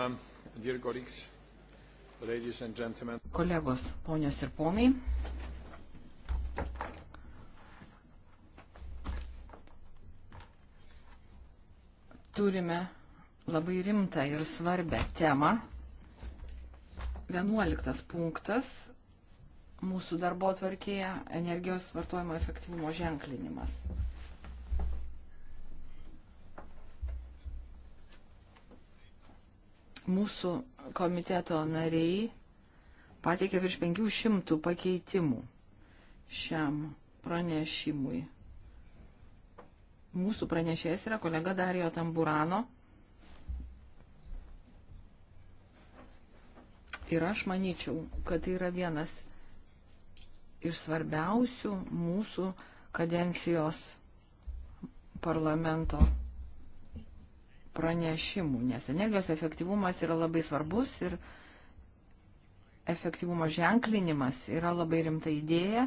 Um, Kolegos, ponios ir ponai. Turime labai rimtą ir svarbę temą. Vienuoliktas punktas mūsų darbo tvarkėje energijos vartojimo efektyvumo ženklinimas. mūsų komiteto nariai pateikė virš 500 pakeitimų šiam pranešimui. Mūsų pranešėjas yra kolega Darijo Tamburano. Ir aš manyčiau, kad tai yra vienas iš svarbiausių mūsų kadencijos parlamento pranešimų, nes energijos efektyvumas yra labai svarbus ir efektyvumo ženklinimas yra labai rimta idėja.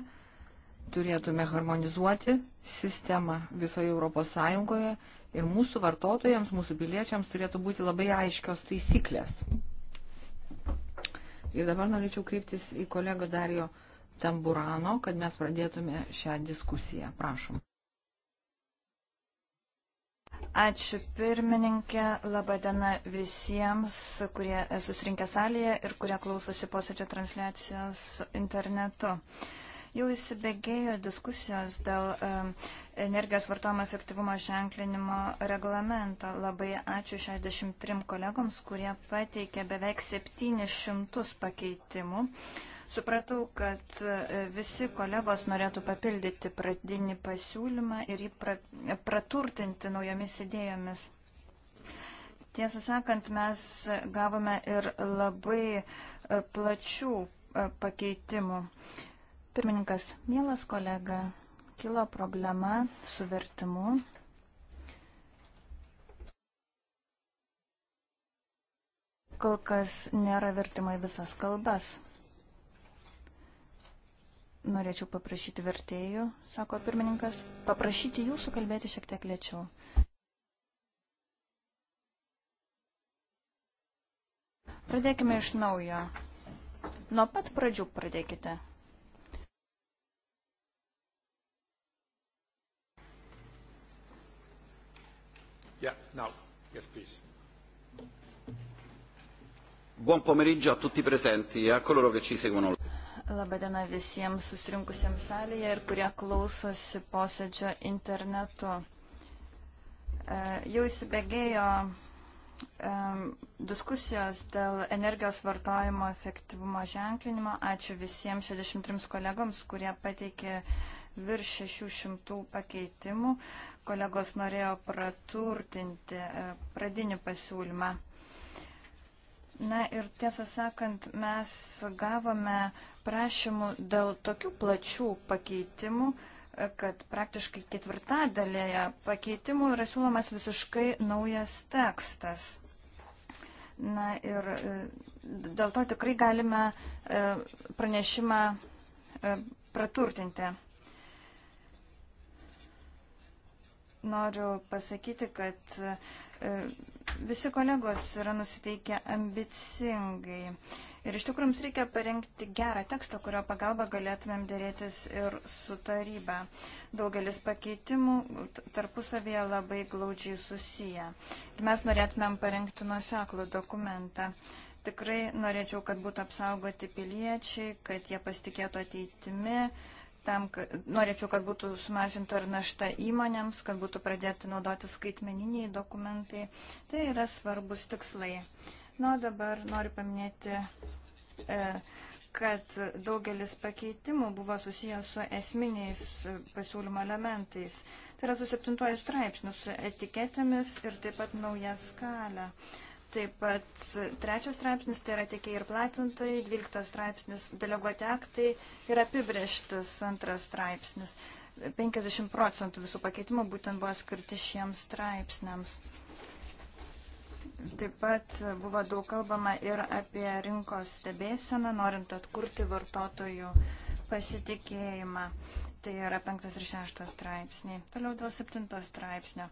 Turėtume harmonizuoti sistemą visoje Europos Sąjungoje ir mūsų vartotojams, mūsų piliečiams turėtų būti labai aiškios taisyklės. Ir dabar norėčiau kryptis į kolegą Dario Tamburano, kad mes pradėtume šią diskusiją. Prašom. Ačiū pirmininkė, laba diena visiems, kurie susirinkę salėje ir kurie klausosi posėdžio transliacijos internetu. Jau įsibėgėjo diskusijos dėl energijos vartojimo efektyvumo ženklinimo reglamento. Labai ačiū 63 kolegoms, kurie pateikė beveik 700 pakeitimų. Supratau, kad e, visi kolegos norėtų papildyti pradinį pasiūlymą ir jį praturtinti naujomis idėjomis. Tiesą sakant, mes gavome ir labai e, plačių e, pakeitimų. Pirmininkas, mielas kolega, kilo problema su vertimu. Kol kas nėra vertimo į visas kalbas. Norėčiau paprašyti vertėjų, sako pirmininkas, paprašyti jūsų kalbėti šiek tiek lėčiau. Pradėkime iš naujo. Nuo pat pradžių pradėkite. Yeah, now. Yes, please. Buon pomeriggio a tutti presenti e a coloro che ci seguono. Labadiena visiems susirinkusiems salėje ir kurie klausosi posėdžio internetu. E, jau įsibėgėjo e, diskusijos dėl energijos vartojimo efektyvumo ženklinimo. Ačiū visiems 63 kolegoms, kurie pateikė virš 600 pakeitimų. Kolegos norėjo praturtinti e, pradinį pasiūlymą. Na ir tiesą sakant, mes gavome uh, prašymų dėl tokių plačių pakeitimų, kad praktiškai ketvirtadalėje pakeitimų yra siūlomas visiškai naujas tekstas. Na ir e, dėl to tikrai galime e, pranešimą e, praturtinti. noriu pasakyti, kad e, visi kolegos yra nusiteikę ambicingai. Ir iš tikrųjų mums reikia parengti gerą tekstą, kurio pagalba galėtumėm dėrėtis ir su taryba. Daugelis pakeitimų tarpusavėje labai glaudžiai susiję. Ir mes norėtumėm parengti nuoseklų dokumentą. Tikrai norėčiau, kad būtų apsaugoti piliečiai, kad jie pasitikėtų ateitimi Tam, kad, norėčiau, kad būtų sumažinta ir našta įmonėms, kad būtų pradėti naudoti skaitmeniniai dokumentai. Tai yra svarbus tikslai. Na, nu, dabar noriu paminėti, e, kad daugelis pakeitimų buvo susijęs su esminiais pasiūlymo elementais. Tai yra su septintuoju straipsniu, su etiketėmis ir taip pat nauja skalė. Taip pat trečias straipsnis tai yra tiekiai ir platintojai, dvyliktas straipsnis deleguoti aktai ir apibrieštis antras straipsnis. 50 procentų visų pakeitimų būtent buvo skirti šiems straipsniams. Taip pat buvo daug kalbama ir apie rinkos stebėseną, norint atkurti vartotojų pasitikėjimą tai yra penktas ir šeštas straipsniai. Toliau dėl septintos straipsnio.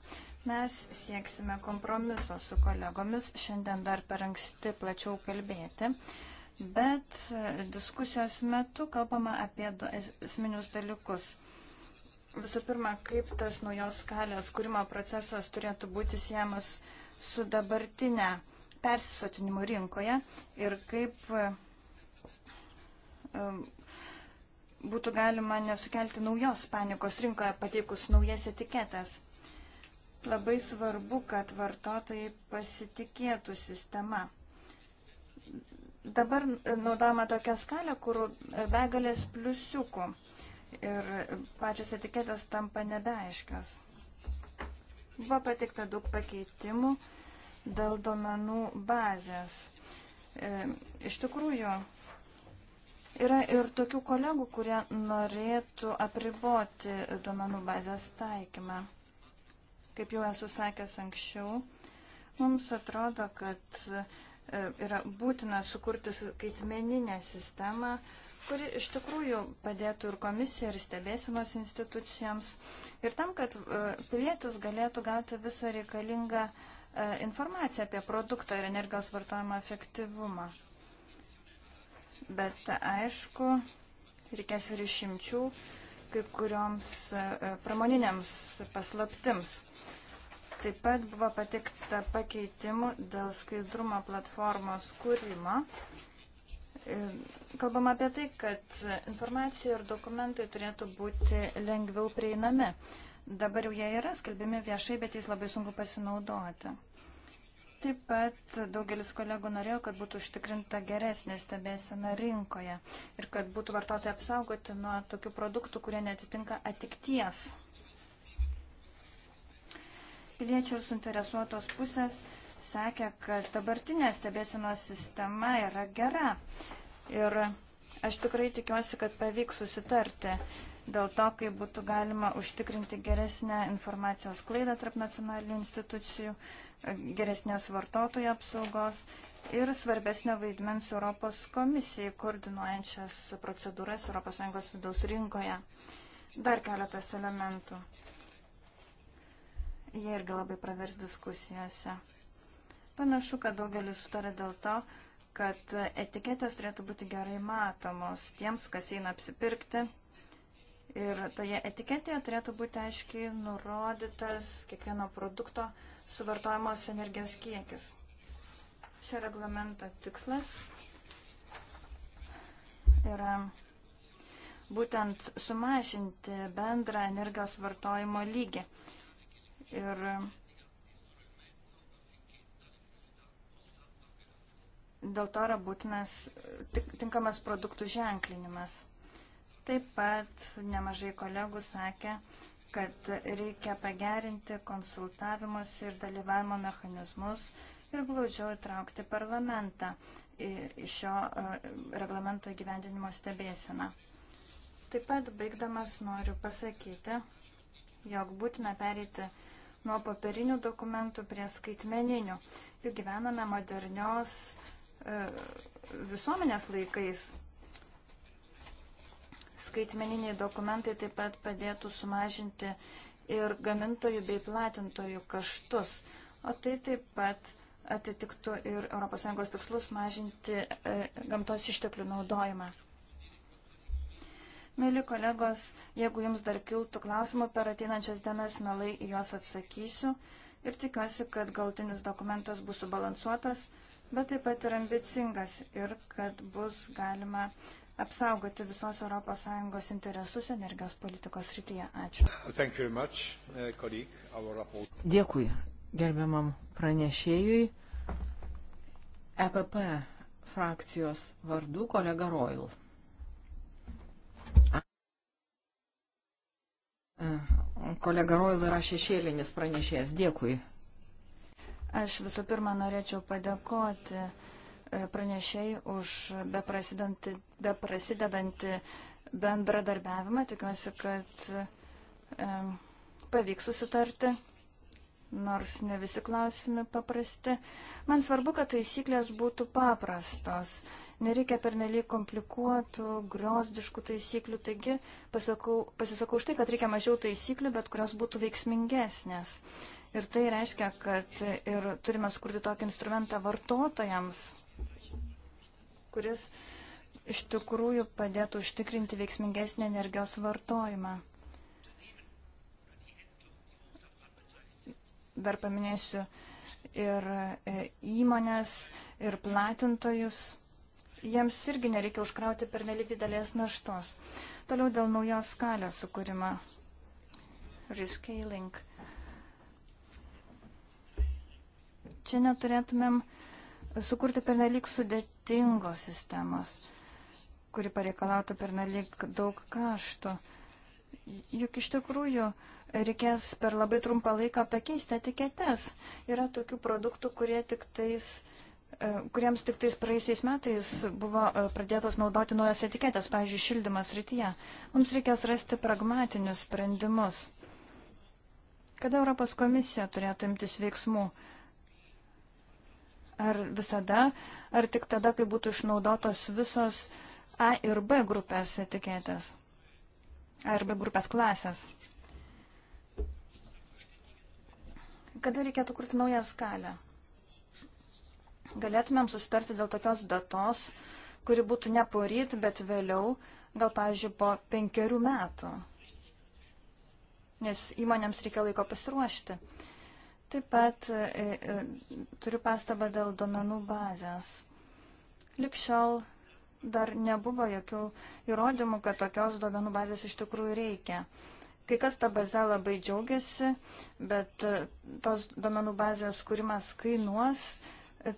Mes sieksime kompromiso su kolegomis, šiandien dar per anksti plačiau kalbėti, bet diskusijos metu kalbama apie esminius dalykus. Visų pirma, kaip tas naujos skalės kūrimo procesas turėtų būti siejamas su dabartinė persisotinimo rinkoje ir kaip būtų galima nesukelti naujos panikos rinkoje pateikus naujas etiketas. Labai svarbu, kad vartotojai pasitikėtų sistema. Dabar naudojama tokia skalė, kur begalės pliusiukų ir pačios etiketės tampa nebeaiškios. Buvo patikta daug pakeitimų dėl domenų bazės. E, iš tikrųjų, Yra ir tokių kolegų, kurie norėtų apriboti duomenų bazės taikymą. Kaip jau esu sakęs anksčiau, mums atrodo, kad e, yra būtina sukurti skaitmeninę sistemą, kuri iš tikrųjų padėtų ir komisija, ir stebėsinos institucijoms. Ir tam, kad e, pilietis galėtų gauti visą reikalingą e, informaciją apie produktą ir energijos vartojimo efektyvumą bet aišku, reikės ir išimčių kai kurioms e, pramoniniams paslaptims. Taip pat buvo patikta pakeitimų dėl skaidrumo platformos kūrimo. E, Kalbam apie tai, kad informacija ir dokumentai turėtų būti lengviau prieinami. Dabar jau jie yra skelbiami viešai, bet jais labai sunku pasinaudoti. Taip pat daugelis kolegų norėjo, kad būtų užtikrinta geresnė stebėsena rinkoje ir kad būtų vartotojai apsaugoti nuo tokių produktų, kurie netitinka atikties. Piliečiai ir suinteresuotos pusės sakė, kad dabartinė stebėsenos sistema yra gera. Ir aš tikrai tikiuosi, kad pavyks susitarti dėl to, kaip būtų galima užtikrinti geresnę informacijos klaidą tarp nacionalinių institucijų, geresnės vartotojų apsaugos ir svarbesnio vaidmens Europos komisijai, koordinuojančias procedūras ES vidaus rinkoje. Dar keletas elementų. Jie irgi labai pravers diskusijose. Panašu, kad daugelis sutarė dėl to, kad etiketės turėtų būti gerai matomos tiems, kas eina apsipirkti, Ir toje etiketėje turėtų būti aiškiai nurodytas kiekvieno produkto suvartojamos energijos kiekis. Šio reglamento tikslas yra būtent sumažinti bendrą energijos vartojimo lygį. Ir dėl to yra būtinas tinkamas produktų ženklinimas. Taip pat nemažai kolegų sakė, kad reikia pagerinti konsultavimus ir dalyvavimo mechanizmus ir glaudžiau įtraukti parlamentą į šio e, reglamento gyvendinimo stebėsiną. Taip pat baigdamas noriu pasakyti, jog būtina pereiti nuo popierinių dokumentų prie skaitmeninių. Juk gyvename modernios e, visuomenės laikais, Skaitmeniniai dokumentai taip pat padėtų sumažinti ir gamintojų bei platintojų kaštus, o tai taip pat atitiktų ir ES tikslus mažinti e, gamtos išteklių naudojimą. Mėly kolegos, jeigu jums dar kiltų klausimų per ateinančias dienas, melai į juos atsakysiu ir tikiuosi, kad galtinis dokumentas bus subalansuotas, bet taip pat ir ambicingas ir kad bus galima apsaugoti visos ES interesus energijos politikos rytyje. Ačiū. Much, uh, colleague, Dėkui gerbiamam pranešėjui. EPP frakcijos vardu kolega Royal. E, kolega Royal yra šešėlinis pranešėjas. Dėkui. Aš visų pirma norėčiau padėkoti uh, pranešėjai už beprasidedantį, beprasidedantį bendradarbiavimą. Tikiuosi, kad pavyks susitarti, nors ne visi klausimai paprasti. Man svarbu, kad taisyklės būtų paprastos. Nereikia pernelyg komplikuotų, griozdiškų taisyklių. Taigi pasakau, pasisakau už tai, kad reikia mažiau taisyklių, bet kurios būtų veiksmingesnės. Ir tai reiškia, kad ir turime skurti tokį instrumentą vartotojams, kuris iš tikrųjų padėtų užtikrinti veiksmingesnį energijos vartojimą. Dar paminėsiu ir e, įmonės, ir platintojus. Jiems irgi nereikia užkrauti per nelik didelės naštos. Toliau dėl naujos skalės sukūrimo. Rescaling. Čia neturėtumėm uh, sukurti pernelyg sudėtingos sistemos, kuri pareikalautų pernelyg daug kaštų. Juk iš tikrųjų reikės per labai trumpą laiką pakeisti etiketes. Yra tokių produktų, kurie tik tais e, kuriems tik tais praeisiais metais buvo e, pradėtos naudoti naujos etiketės, pavyzdžiui, šildymas rytyje. Mums reikės rasti pragmatinius sprendimus. Kada Europos komisija turėtų imtis veiksmų? Ar visada, ar tik tada, kai būtų išnaudotos visos A ir B grupės etiketės? A ir B grupės klasės? Kada reikėtų kurti naują skalę? Galėtumėm susitarti dėl tokios datos, kuri būtų ne poryt, bet vėliau, gal, pavyzdžiui, po penkerių metų. Nes įmonėms reikia laiko pasiruošti. Uh, Taip pat e, e, turiu pastabą dėl domenų bazės. Likščiol dar nebuvo jokių įrodymų, kad tokios domenų bazės iš tikrųjų reikia. Kai kas tą bazę labai džiaugiasi, bet e, tos domenų bazės kūrimas kainuos,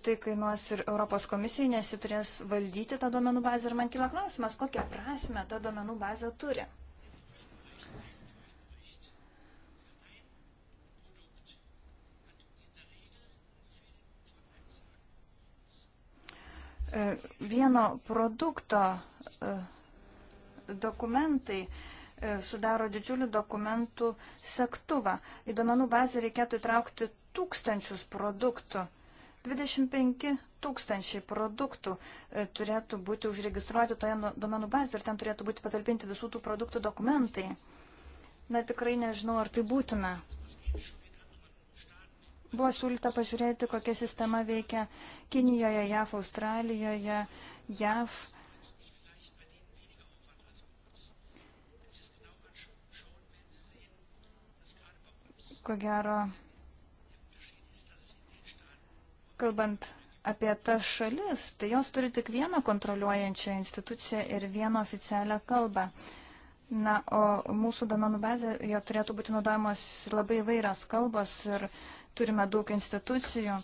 tai kainuos ir Europos komisijai, nes ji turės valdyti tą domenų bazę ir man kila klausimas, kokią prasme ta domenų bazė turi. E, vieno produkto e, dokumentai e, sudaro didžiulį dokumentų sektuvą. Į domenų bazę reikėtų įtraukti tūkstančius produktų. 25 tūkstančiai produktų turėtų būti užregistruoti toje nu, domenų bazėje ir ten turėtų būti patalpinti visų tų produktų dokumentai. Na tikrai nežinau, ar tai būtina. Buvo siūlyta pažiūrėti, kokia sistema veikia Kinijoje, JAF, Australijoje, JAF. Ko gero, kalbant apie tas šalis, tai jos turi tik vieną kontroliuojančią instituciją ir vieną oficialią kalbą. Na, o mūsų domenų bazė, jo turėtų būti naudojamos labai vairios kalbos ir uh, turime daug institucijų.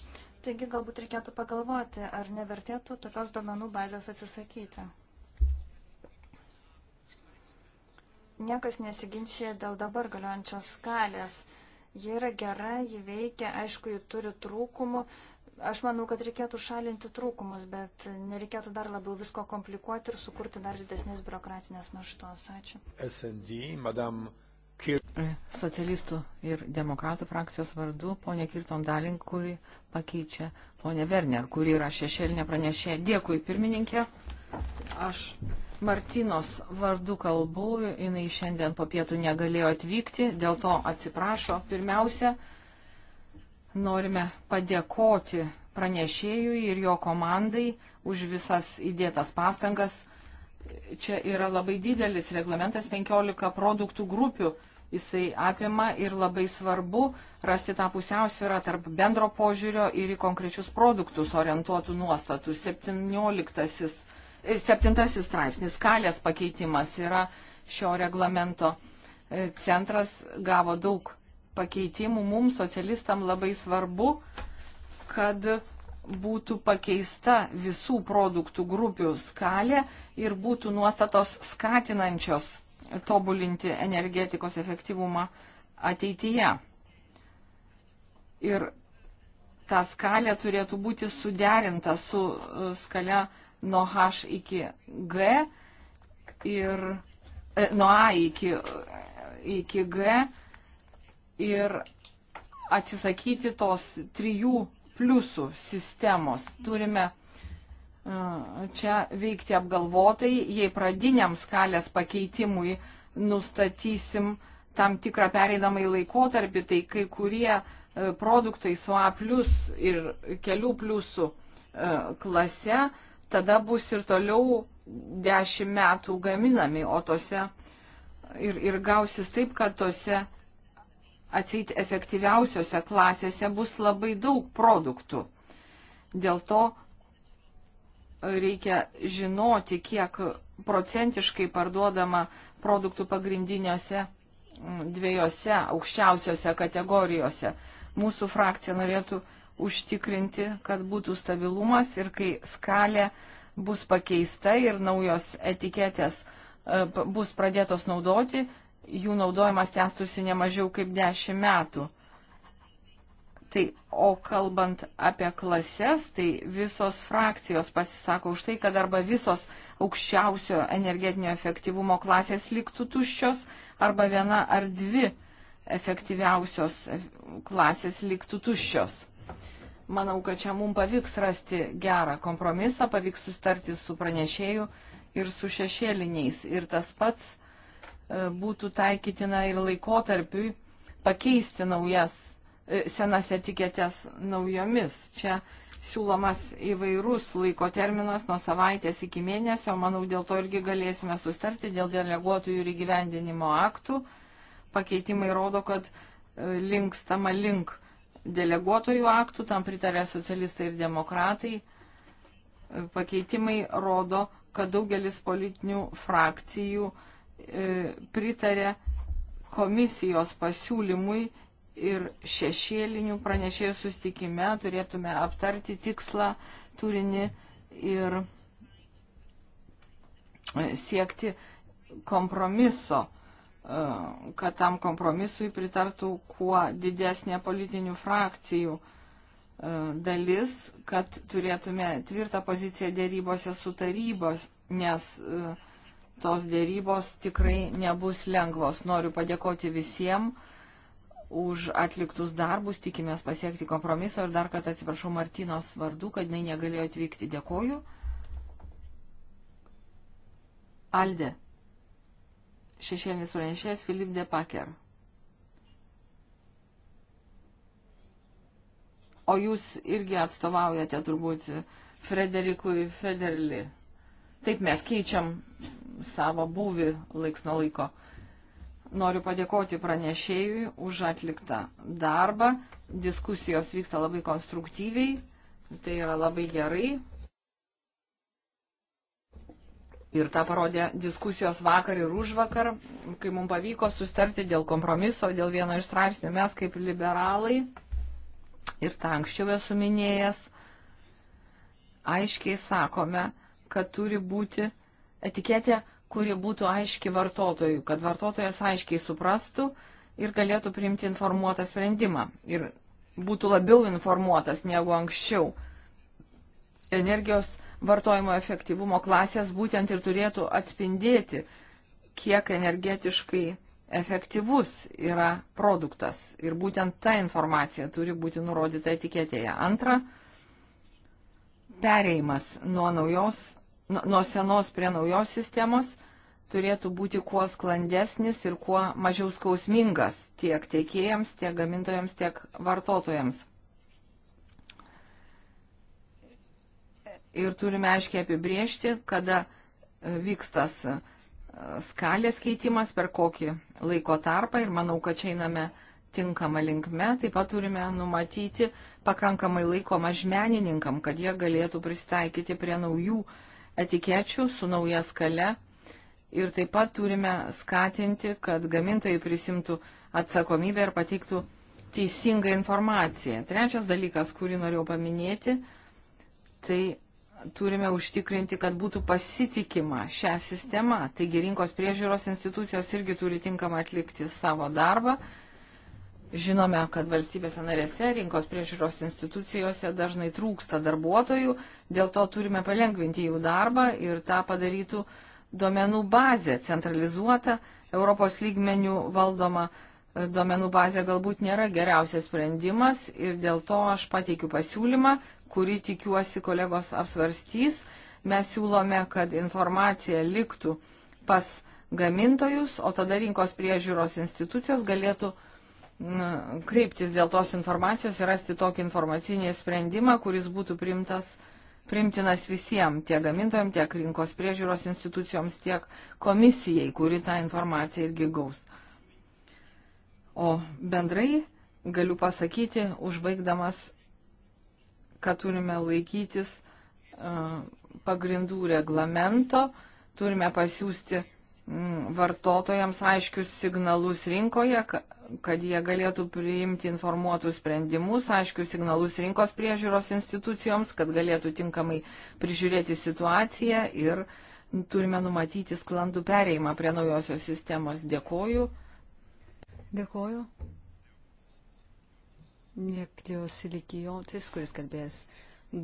Taigi galbūt reikėtų pagalvoti, ar nevertėtų tokios duomenų bazės atsisakyti. Niekas nesiginčia dėl dabar galiojančios skalės. Ji yra gera, ji veikia, aišku, ji turi trūkumų. Aš manau, kad reikėtų šalinti trūkumus, bet nereikėtų dar labiau visko komplikuoti ir sukurti dar didesnės biurokratinės naštos. Ačiū. SND, madame E, socialistų ir demokratų frakcijos vardu ponė Kirton Dalin, kuri pakeičia ponė Werner, kuri yra šešėlinė pranešė. Dėkui, pirmininkė. Aš Martinos vardu kalbu, jinai šiandien po pietų negalėjo atvykti, dėl to atsiprašo. Pirmiausia, norime padėkoti pranešėjui ir jo komandai už visas įdėtas pastangas čia yra labai didelis reglamentas, 15 produktų grupių jisai apima ir labai svarbu rasti tą pusiausvyrą tarp bendro požiūrio ir į konkrečius produktus orientuotų nuostatų. 17, 7 e, straipsnis, skalės pakeitimas yra šio reglamento e, centras, gavo daug pakeitimų. Mums, socialistam, labai svarbu, kad būtų pakeista visų produktų grupių skalė ir būtų nuostatos skatinančios tobulinti energetikos efektyvumą ateityje. Ir ta skalė turėtų būti suderinta su e, skale nuo H iki G ir e, nuo A iki, e, iki G ir atsisakyti tos trijų pliusų sistemos. Turime e, čia veikti apgalvotai, jei pradiniam skalės pakeitimui nustatysim tam tikrą pereinamąjį laikotarpį, tai kai kurie e, produktai su A plus ir kelių plusų e, klase, tada bus ir toliau 10 metų gaminami, o tose ir, ir gausis taip, kad tose atseit efektyviausiose klasėse bus labai daug produktų. Dėl to e, reikia žinoti, kiek procentiškai parduodama produktų pagrindiniuose dviejose aukščiausiose kategorijose. Mūsų frakcija norėtų užtikrinti, kad būtų stabilumas ir kai skalė bus pakeista ir naujos etiketės e, bus pradėtos naudoti, jų naudojimas tęstusi ne mažiau kaip 10 metų. Tai, o kalbant apie klases, tai visos frakcijos pasisako už tai, kad arba visos aukščiausio energetinio efektyvumo klasės liktų tuščios, arba viena ar dvi efektyviausios klasės liktų tuščios. Manau, kad čia mums pavyks rasti gerą kompromisą, pavyks sustarti su pranešėju ir su šešėliniais. Ir tas pats E, būtų taikytina ir laikotarpiui pakeisti naujas, e, senas etiketės naujomis. Čia siūlomas įvairus laiko terminas nuo savaitės iki mėnesio, manau, dėl to irgi galėsime sustarti dėl deleguotojų ir įgyvendinimo aktų. Pakeitimai rodo, kad e, linkstama link deleguotojų aktų, tam pritarė socialistai ir demokratai. Pakeitimai rodo, kad daugelis politinių frakcijų uh, E, pritarė komisijos pasiūlymui ir šešėlinių pranešėjų sustikime turėtume aptarti tikslą, turinį ir e, siekti kompromiso, e, kad tam kompromisui pritartų kuo didesnė politinių frakcijų dalis, kad turėtume tvirtą poziciją dėrybose su tarybos, nes uh, tos dėrybos tikrai nebus lengvos. Noriu padėkoti visiems už atliktus darbus, tikimės pasiekti kompromiso ir dar kartą atsiprašau Martinos vardu, kad jinai negalėjo atvykti. Dėkoju. Alde. Šešėlinis pranešėjas Filip de Paker. O jūs irgi atstovaujate turbūt Frederikui Federli. Taip mes keičiam savo būvi laiks nuo laiko. Noriu padėkoti pranešėjui už atliktą darbą. Diskusijos vyksta labai konstruktyviai. Tai yra labai gerai. Ir tą parodė diskusijos vakar ir už vakar, kai mums pavyko sustarti dėl kompromiso, dėl vieno iš straipsnių. Mes kaip liberalai, ir tą anksčiau esu minėjęs, aiškiai sakome, kad turi būti etiketę, kuri būtų aiški vartotojui, kad vartotojas aiškiai suprastų ir galėtų priimti informuotą sprendimą ir būtų labiau informuotas negu anksčiau. Energijos vartojimo efektyvumo klasės būtent ir turėtų atspindėti, kiek energetiškai efektyvus yra produktas ir būtent ta informacija turi būti nurodyta etiketėje. Antra, pereimas nuo naujos nuo senos prie naujos sistemos turėtų būti kuo sklandesnis ir kuo mažiau skausmingas tiek tiekėjams, tiek gamintojams, tiek vartotojams. Ir turime aiškiai apibriežti, kada e, vyks tas e, skalės keitimas, per kokį laiko tarpą ir manau, kad čia einame tinkama linkme. Taip pat turime numatyti pakankamai laiko mažmenininkam, kad jie galėtų pristaikyti prie naujų uh, etikečių su nauja skale ir taip pat turime skatinti, kad gamintojai prisimtų atsakomybę ir pateiktų teisingą informaciją. Trečias dalykas, kurį norėjau paminėti, tai turime užtikrinti, kad būtų pasitikima šią sistemą. Taigi rinkos priežiūros institucijos irgi turi tinkamą atlikti savo darbą Žinome, kad valstybėse narėse, rinkos priežiūros institucijose dažnai trūksta darbuotojų, dėl to turime palengvinti jų darbą ir tą padarytų duomenų bazė centralizuota, Europos lygmenių valdoma e, duomenų bazė galbūt nėra geriausias sprendimas ir dėl to aš pateikiu pasiūlymą, kurį tikiuosi kolegos apsvarstys. Mes siūlome, kad informacija liktų pas gamintojus, o tada rinkos priežiūros institucijos galėtų kreiptis dėl tos informacijos ir rasti tokį informacinį sprendimą, kuris būtų primtas, primtinas visiems, tiek gamintojams, tiek rinkos priežiūros institucijoms, tiek komisijai, kuri tą informaciją irgi gaus. O bendrai galiu pasakyti, užbaigdamas, kad turime laikytis pagrindų reglamento, turime pasiūsti Mm, vartotojams aiškius signalus rinkoje, kad jie galėtų priimti informuotus sprendimus, aiškius signalus rinkos priežiūros institucijoms, kad galėtų tinkamai prižiūrėti situaciją ir turime numatyti sklandų pereimą prie naujosios sistemos. Dėkoju. Dėkoju. Neklios Silikijotis, kuris kalbės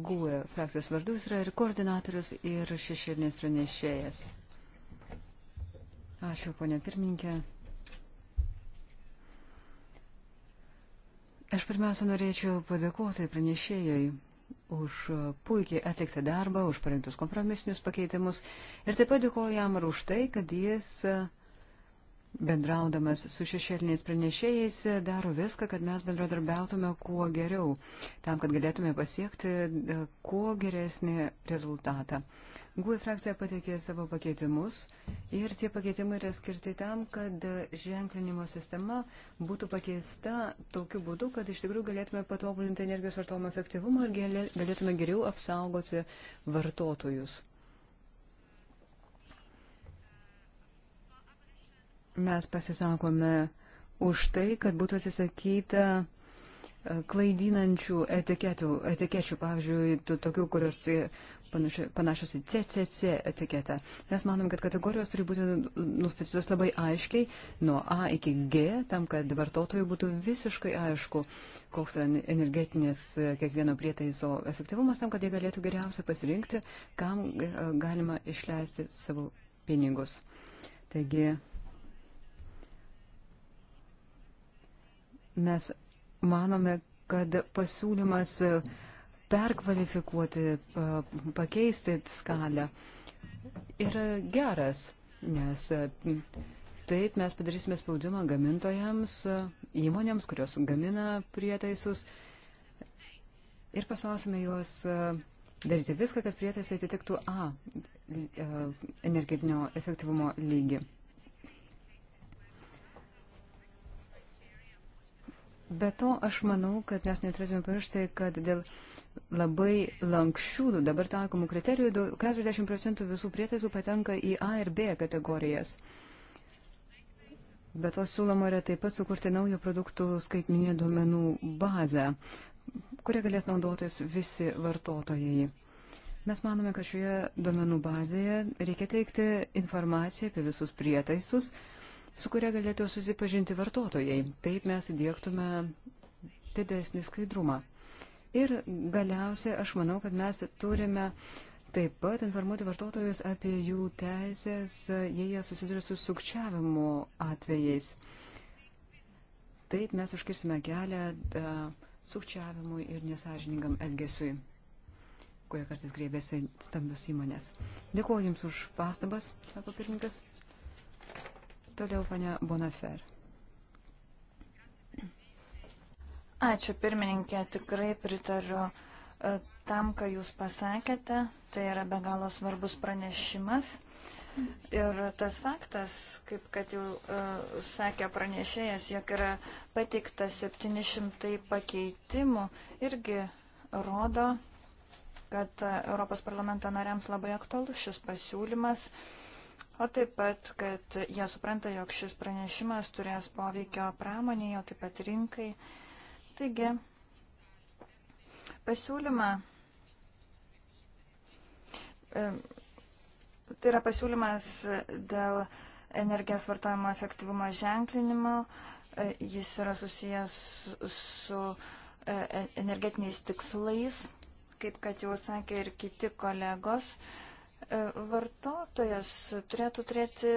GUE frakcijos vardus, yra ir koordinatorius, ir šešėlinis pranešėjas. Ačiū, ponė pirmininkė. Aš pirmiausia norėčiau padėkoti pranešėjai už puikiai atliktą darbą, už parengtus kompromisinius pakeitimus ir taip pat dėkoju jam ir už tai, kad jis bendraudamas su šešėliniais pranešėjais daro viską, kad mes bendradarbiautume kuo geriau, tam, kad galėtume pasiekti e, kuo geresnį rezultatą. GUE frakcija pateikė savo pakeitimus ir tie pakeitimai yra skirti tam, kad ženklinimo sistema būtų pakeista tokiu būdu, kad iš tikrųjų galėtume patobulinti energijos vartojimo efektyvumą ir galėtume geriau apsaugoti vartotojus. Mes pasisakome už tai, kad būtų atsisakyta e, klaidinančių etiketų, etikečių, pavyzdžiui, tokių, kurios e, panašios į CCC etiketą. Mes manom, kad kategorijos turi būti nustatytos labai aiškiai nuo A iki G, tam, kad vartotojui būtų visiškai aišku, koks yra energetinės e, kiekvieno prietaiso efektyvumas, tam, kad jie galėtų geriausiai pasirinkti, kam e, galima išleisti savo pinigus. Taigi, mes manome, kad pasiūlymas uh, perkvalifikuoti, e, pakeisti skalę yra geras, nes e, taip mes padarysime spaudimą gamintojams, e, įmonėms, kurios gamina prietaisus ir pasvausime juos daryti viską, kad prietaisai atitiktų A energetinio efektyvumo lygį. Be to, aš manau, kad mes neturėtume pamiršti, kad dėl uh, labai lankščių dabar taikomų kriterijų, 40 procentų visų prietaisų patenka į A ir B kategorijas. Be to siūloma yra taip pat sukurti naują produktų skaitminį duomenų bazę, kurią galės naudotis visi vartotojai. Mes manome, kad šioje duomenų bazėje reikia teikti informaciją apie visus prietaisus, su kuria galėtų susipažinti vartotojai. Taip mes įdėktume didesnį skaidrumą. Ir galiausiai aš manau, kad mes turime taip pat informuoti vartotojus apie jų teisės, jei jie susiduria su sukčiavimo atvejais. Taip mes užkirsime kelią da, sukčiavimui ir nesažiningam elgesiui, kurie kartais grėbėsi stambios įmonės. Dėkuoju Jums už pastabas, sako pirmininkas. Toliau, pane Bonafer. Ačiū pirmininkė, tikrai pritariu e, tam, ką jūs pasakėte. Tai yra be galo svarbus pranešimas. Ir tas faktas, kaip kad jau uh, sakė pranešėjas, jog yra pateikta 700 pakeitimų, irgi rodo, kad e, Europos parlamento nariams labai aktualus šis pasiūlymas, o taip pat, kad jie supranta, jog šis pranešimas turės poveikio pramonėje, o taip pat rinkai. Uh, Taigi, pasiūlymą, e, tai yra pasiūlymas dėl energijos vartojimo efektyvumo ženklinimo, e, jis yra susijęs su e, energetiniais tikslais, kaip kad jau sakė ir kiti kolegos. Vartotojas turėtų turėti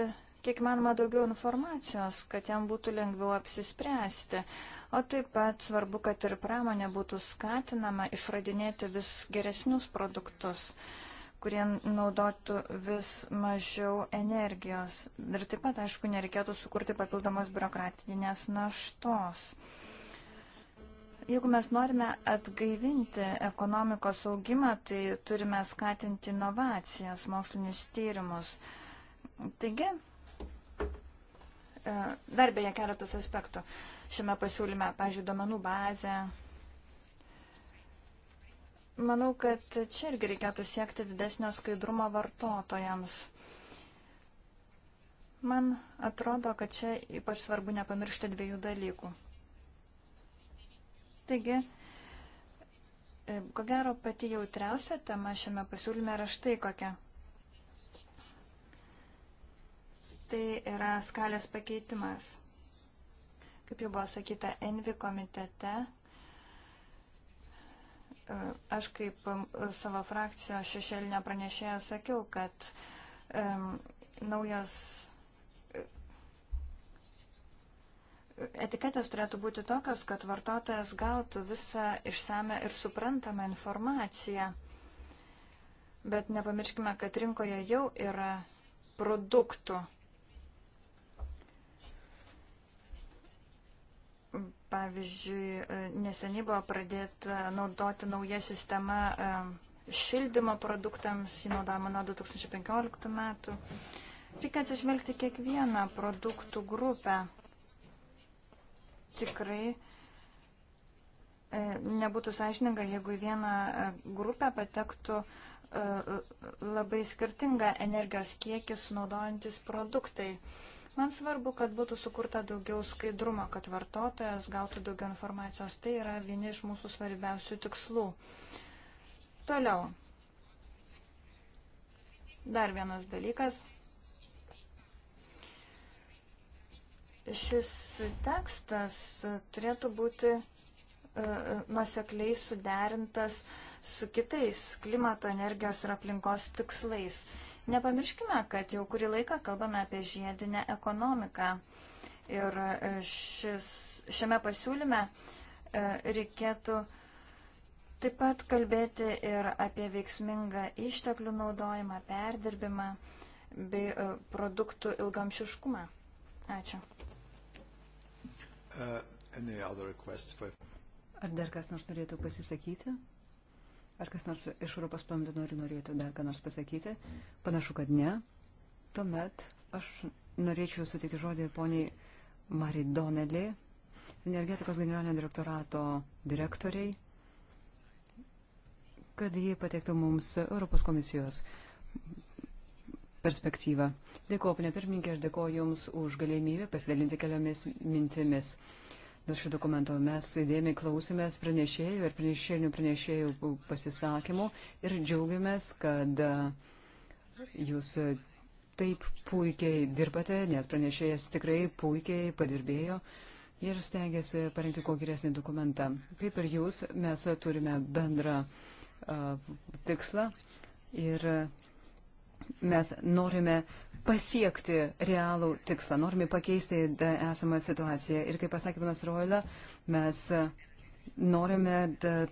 kiek manoma daugiau informacijos, kad jam būtų lengviau apsispręsti. O taip pat svarbu, kad ir pramonė būtų skatinama išradinėti vis geresnius produktus kurie naudotų vis mažiau energijos. Ir taip pat, aišku, nereikėtų sukurti papildomos biurokratinės naštos. Jeigu mes norime atgaivinti ekonomikos augimą, tai turime skatinti inovacijas, mokslinius tyrimus. Taigi, e, dar beje keletas aspektų šiame pasiūlyme, pažiūrėjau, domenų bazę. Manau, kad čia irgi reikėtų siekti didesnio skaidrumo vartotojams. Man atrodo, kad čia ypač svarbu nepamiršti dviejų dalykų. Taigi, e, ko gero pati jautriausia tema šiame pasiūlyme yra štai kokia. Tai yra skalės pakeitimas. Kaip jau buvo sakyta, Envi komitete, e, aš kaip savo frakcijos šešėlinio pranešėją sakiau, kad um, naujas e, etiketės turėtų būti tokios, kad vartotojas gautų visą išsame ir suprantamą informaciją. Bet nepamirškime, kad rinkoje jau yra produktų Pavyzdžiui, e, neseniai buvo pradėta naudoti nauja sistema e, šildymo produktams, jį naudojama nuo 2015 metų. Reikia atsižvelgti kiekvieną produktų grupę. Tikrai e, nebūtų sąžininga, jeigu į vieną grupę patektų labai skirtinga energijos kiekis naudojantis produktai. Man svarbu, kad būtų sukurta daugiau skaidrumo, kad vartotojas gautų daugiau informacijos. Tai yra vieni iš mūsų svarbiausių tikslų. Toliau. Dar vienas dalykas. Šis tekstas turėtų būti e, e, nusekliai suderintas su kitais klimato energijos ir aplinkos tikslais. Nepamirškime, kad jau kurį laiką kalbame apie žiedinę ekonomiką. Ir e, šis, šiame pasiūlyme e, reikėtų taip pat kalbėti ir apie veiksmingą išteklių naudojimą, perdirbimą bei e, produktų ilgamšiškumą. Ačiū. Uh, for... Ar dar kas nors norėtų pasisakyti? Ar kas nors iš Europos parlamento nori norėtų dar ką nors pasakyti? Panašu, kad ne. Tuomet aš norėčiau sutikti žodį poniai Mari Donelį, energetikos generalinio direktorato direktoriai, kad jie pateiktų mums Europos komisijos perspektyvą. Dėkuoju, ponė pirmininkė, ir dėkuoju Jums už galimybę pasidalinti keliomis mintimis dėl šio dokumento. Mes įdėmiai klausėmės pranešėjų ir pranešėjų pranešėjų pasisakymų ir džiaugiamės, kad e, jūs e, taip puikiai dirbate, nes pranešėjas tikrai puikiai padirbėjo ir stengiasi parengti kuo geresnį dokumentą. Kaip ir jūs, mes turime bendrą uh, tikslą ir mes norime pasiekti realų tikslą, norime pakeisti esamą situaciją. Ir kaip pasakė panas Roila, mes norime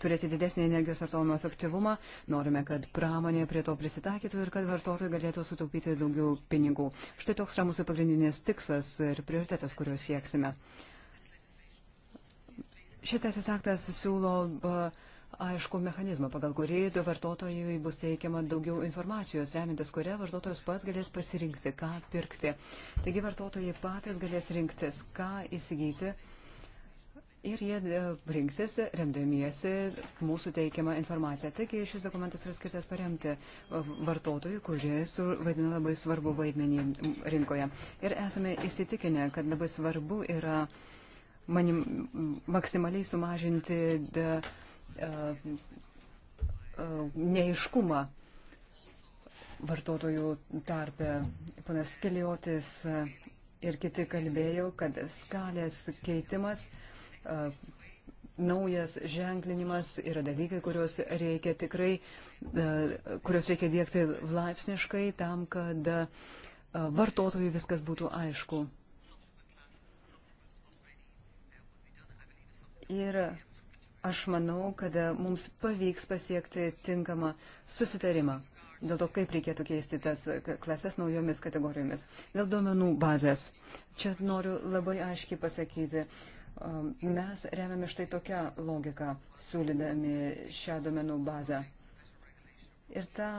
turėti didesnį energijos vartojimo efektyvumą, norime, kad pramonė prie to prisitaikytų ir kad vartotojai galėtų sutaupyti daugiau pinigų. Štai toks yra mūsų pagrindinės tikslas ir prioritetas, kuriuos sieksime. Šis teisės aktas siūlo uh, aišku mechanizmą, pagal kurį vartotojui bus teikiama daugiau informacijos, remintis kurią vartotojas pats galės pasirinkti, ką pirkti. Taigi vartotojai patys galės rinktis, ką įsigyti ir jie e, rinksis remdamiesi mūsų teikiamą informaciją. Taigi šis dokumentas yra skirtas paremti e, vartotojui, kuris vaidina labai svarbu vaidmenį rinkoje. Ir esame įsitikinę, kad labai svarbu yra manim, maksimaliai sumažinti. De, E, e, neiškumą vartotojų tarpe. Panas Keliotis ir kiti kalbėjo, kad skalės keitimas, e, naujas ženklinimas yra dalykai, kuriuos reikia tikrai, kuriuos reikia dėkti laipsniškai tam, kad vartotojui viskas būtų aišku. Ir Aš manau, kad e, mums pavyks pasiekti tinkamą susitarimą dėl to, kaip reikėtų keisti tas e, klases naujomis kategorijomis. Dėl duomenų bazės. Čia noriu labai aiškiai pasakyti. E, mes remiame štai tokią logiką, siūlydami šią duomenų bazę. Ir ta,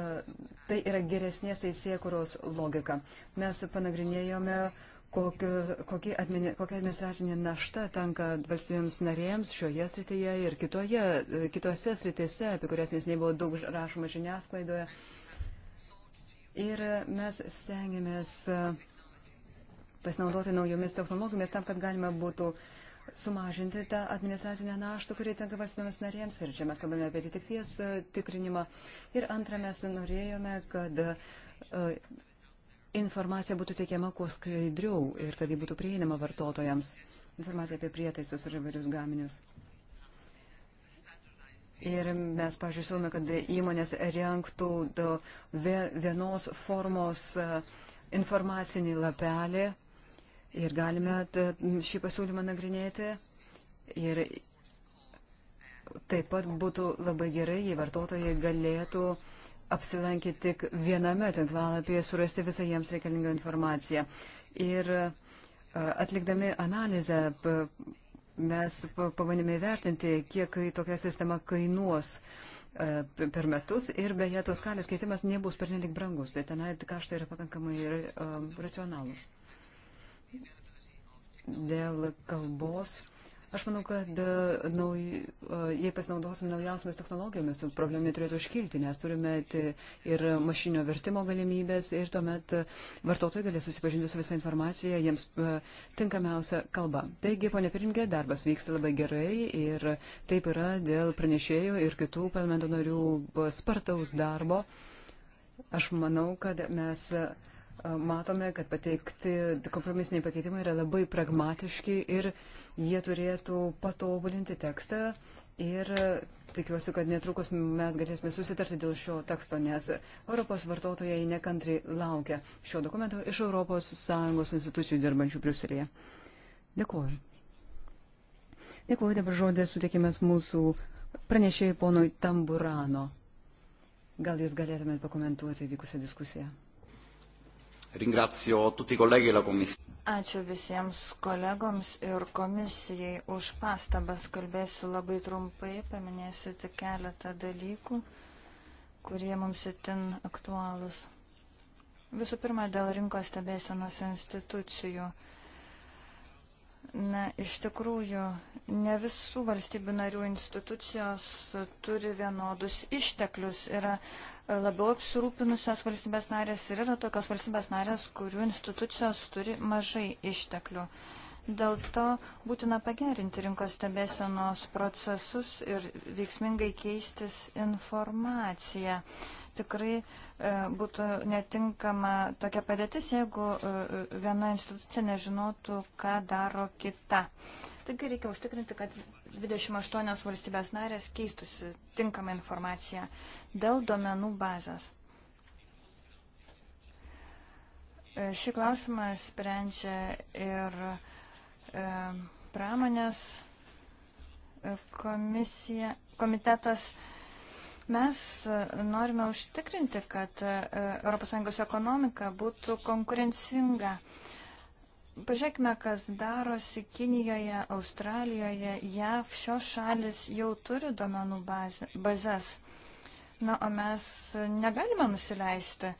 tai yra geresnės teisėkuros logika. Mes panagrinėjome uh, kokio, kokie administ, kokia administracinė našta tenka valstybėms narėms šioje srityje ir kitoje, kitose srityse, apie kurias nesiniai buvo daug rašoma žiniasklaidoje. Ir mes stengiamės e, pasinaudoti naujomis technologijomis tam, kad galima būtų sumažinti tą administracinę naštą, kurį tenka valstybėms narėms. Ir čia mes kalbame apie atitikties e, tikrinimą. Ir antra, mes norėjome, kad uh, informacija būtų teikiama kuo skaidriau ir kad ji būtų prieinama vartotojams. Informacija apie prietaisus ir įvairius gaminius. Ir mes, pažiūrėjome, kad įmonės renktų vienos formos informacinį lapelį ir galime šį pasiūlymą nagrinėti. Ir taip pat būtų labai gerai, jei vartotojai galėtų uh, apsilankę tik viename tinklalapyje surasti visą jiems reikalingą informaciją. Ir e, atlikdami analizę mes pabandėme įvertinti, kiek tokia sistema kainuos e, per metus ir beje tos kalės keitimas nebus pernelik brangus, tai tenai kaštai yra pakankamai e, racionalūs. Dėl kalbos Aš manau, kad e, nauj, e, jei pasinaudosim naujausiamis technologijomis, problemų neturėtų iškilti, nes turime ir mašinio vertimo galimybės ir tuomet vartotojai galės susipažinti su visą informaciją jiems e, tinkamiausia kalba. Taigi, ponė Pirinkė, darbas vyksta labai gerai ir taip yra dėl pranešėjų ir kitų parlamento narių spartaus darbo. Aš manau, kad mes matome, kad pateikti kompromisiniai pakeitimai yra labai pragmatiški ir jie turėtų patobulinti tekstą. Ir tikiuosi, kad netrukus mes galėsime susitarti dėl šio teksto, nes Europos vartotojai nekantriai laukia šio dokumento iš ES institucijų dirbančių Briuselėje. Dėkuoju. Dėkuoju, dabar žodė sutikimės mūsų pranešėjai ponui Tamburano. Gal jūs galėtumėte pakomentuoti vykusią diskusiją? Ringrazio tutti i colleghi e la Commissione. Ačiū visiems kolegoms ir komisijai už pastabas. Kalbėsiu labai trumpai, paminėsiu tik keletą dalykų, kurie mums itin aktualūs. Visų pirma, dėl rinkos stebėsenos institucijų. Na, iš tikrųjų, ne visų valstybių narių institucijos turi vienodus išteklius. Yra e, labiau apsirūpinusios valstybės narės ir yra tokios valstybės narės, kurių institucijos turi mažai išteklių. Dėl to būtina pagerinti rinkos stebėsenos procesus ir veiksmingai keistis informaciją. Uh, tikrai e, būtų netinkama tokia padėtis, jeigu e, viena institucija nežinotų, ką daro kita. Taigi reikia užtikrinti, kad 28 valstybės narės keistusi tinkamą informaciją dėl domenų bazės. E, šį klausimą sprendžia ir pramonės komisija, komitetas. E, Mes e, norime užtikrinti, kad ES ekonomika būtų konkurencinga. Pažiūrėkime, kas darosi Kinijoje, Australijoje, JAV. Šios šalis jau turi domenų bazės. Na, o mes negalime nusileisti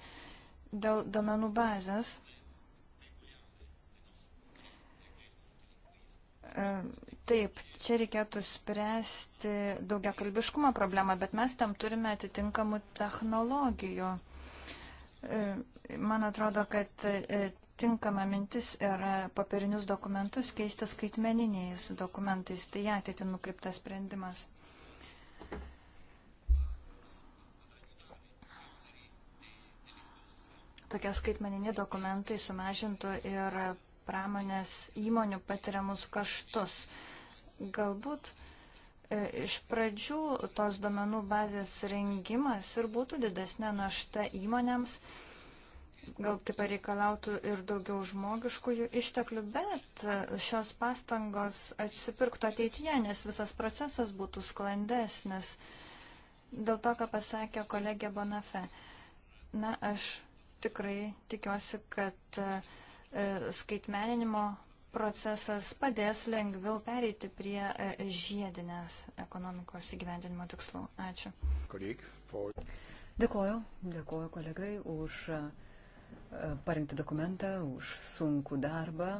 dėl domenų bazės. E, Taip, čia reikėtų spręsti daugia kalbiškumo problemą, bet mes tam turime atitinkamų technologijų. E, man atrodo, kad e, tinkama mintis yra papirinius dokumentus keisti skaitmeniniais dokumentais. Tai ateitį nukreiptas sprendimas. Tokie skaitmeniniai dokumentai sumažintų ir pramonės įmonių patiriamus kaštus. Uh, Galbūt e, iš pradžių tos domenų bazės rengimas ir būtų didesnė našta įmonėms, gal tai pareikalautų ir daugiau žmogiškųjų išteklių, bet e, šios pastangos atsipirktų ateityje, nes visas procesas būtų sklandesnis. Dėl to, ką pasakė kolegė Bonafe. Na, aš tikrai tikiuosi, kad e, skaitmeninimo procesas padės lengviau pereiti prie e, žiedinės ekonomikos įgyvendinimo tikslų. Ačiū. Dėkoju, dėkoju kolegai už e, parengtą dokumentą, už sunkų darbą,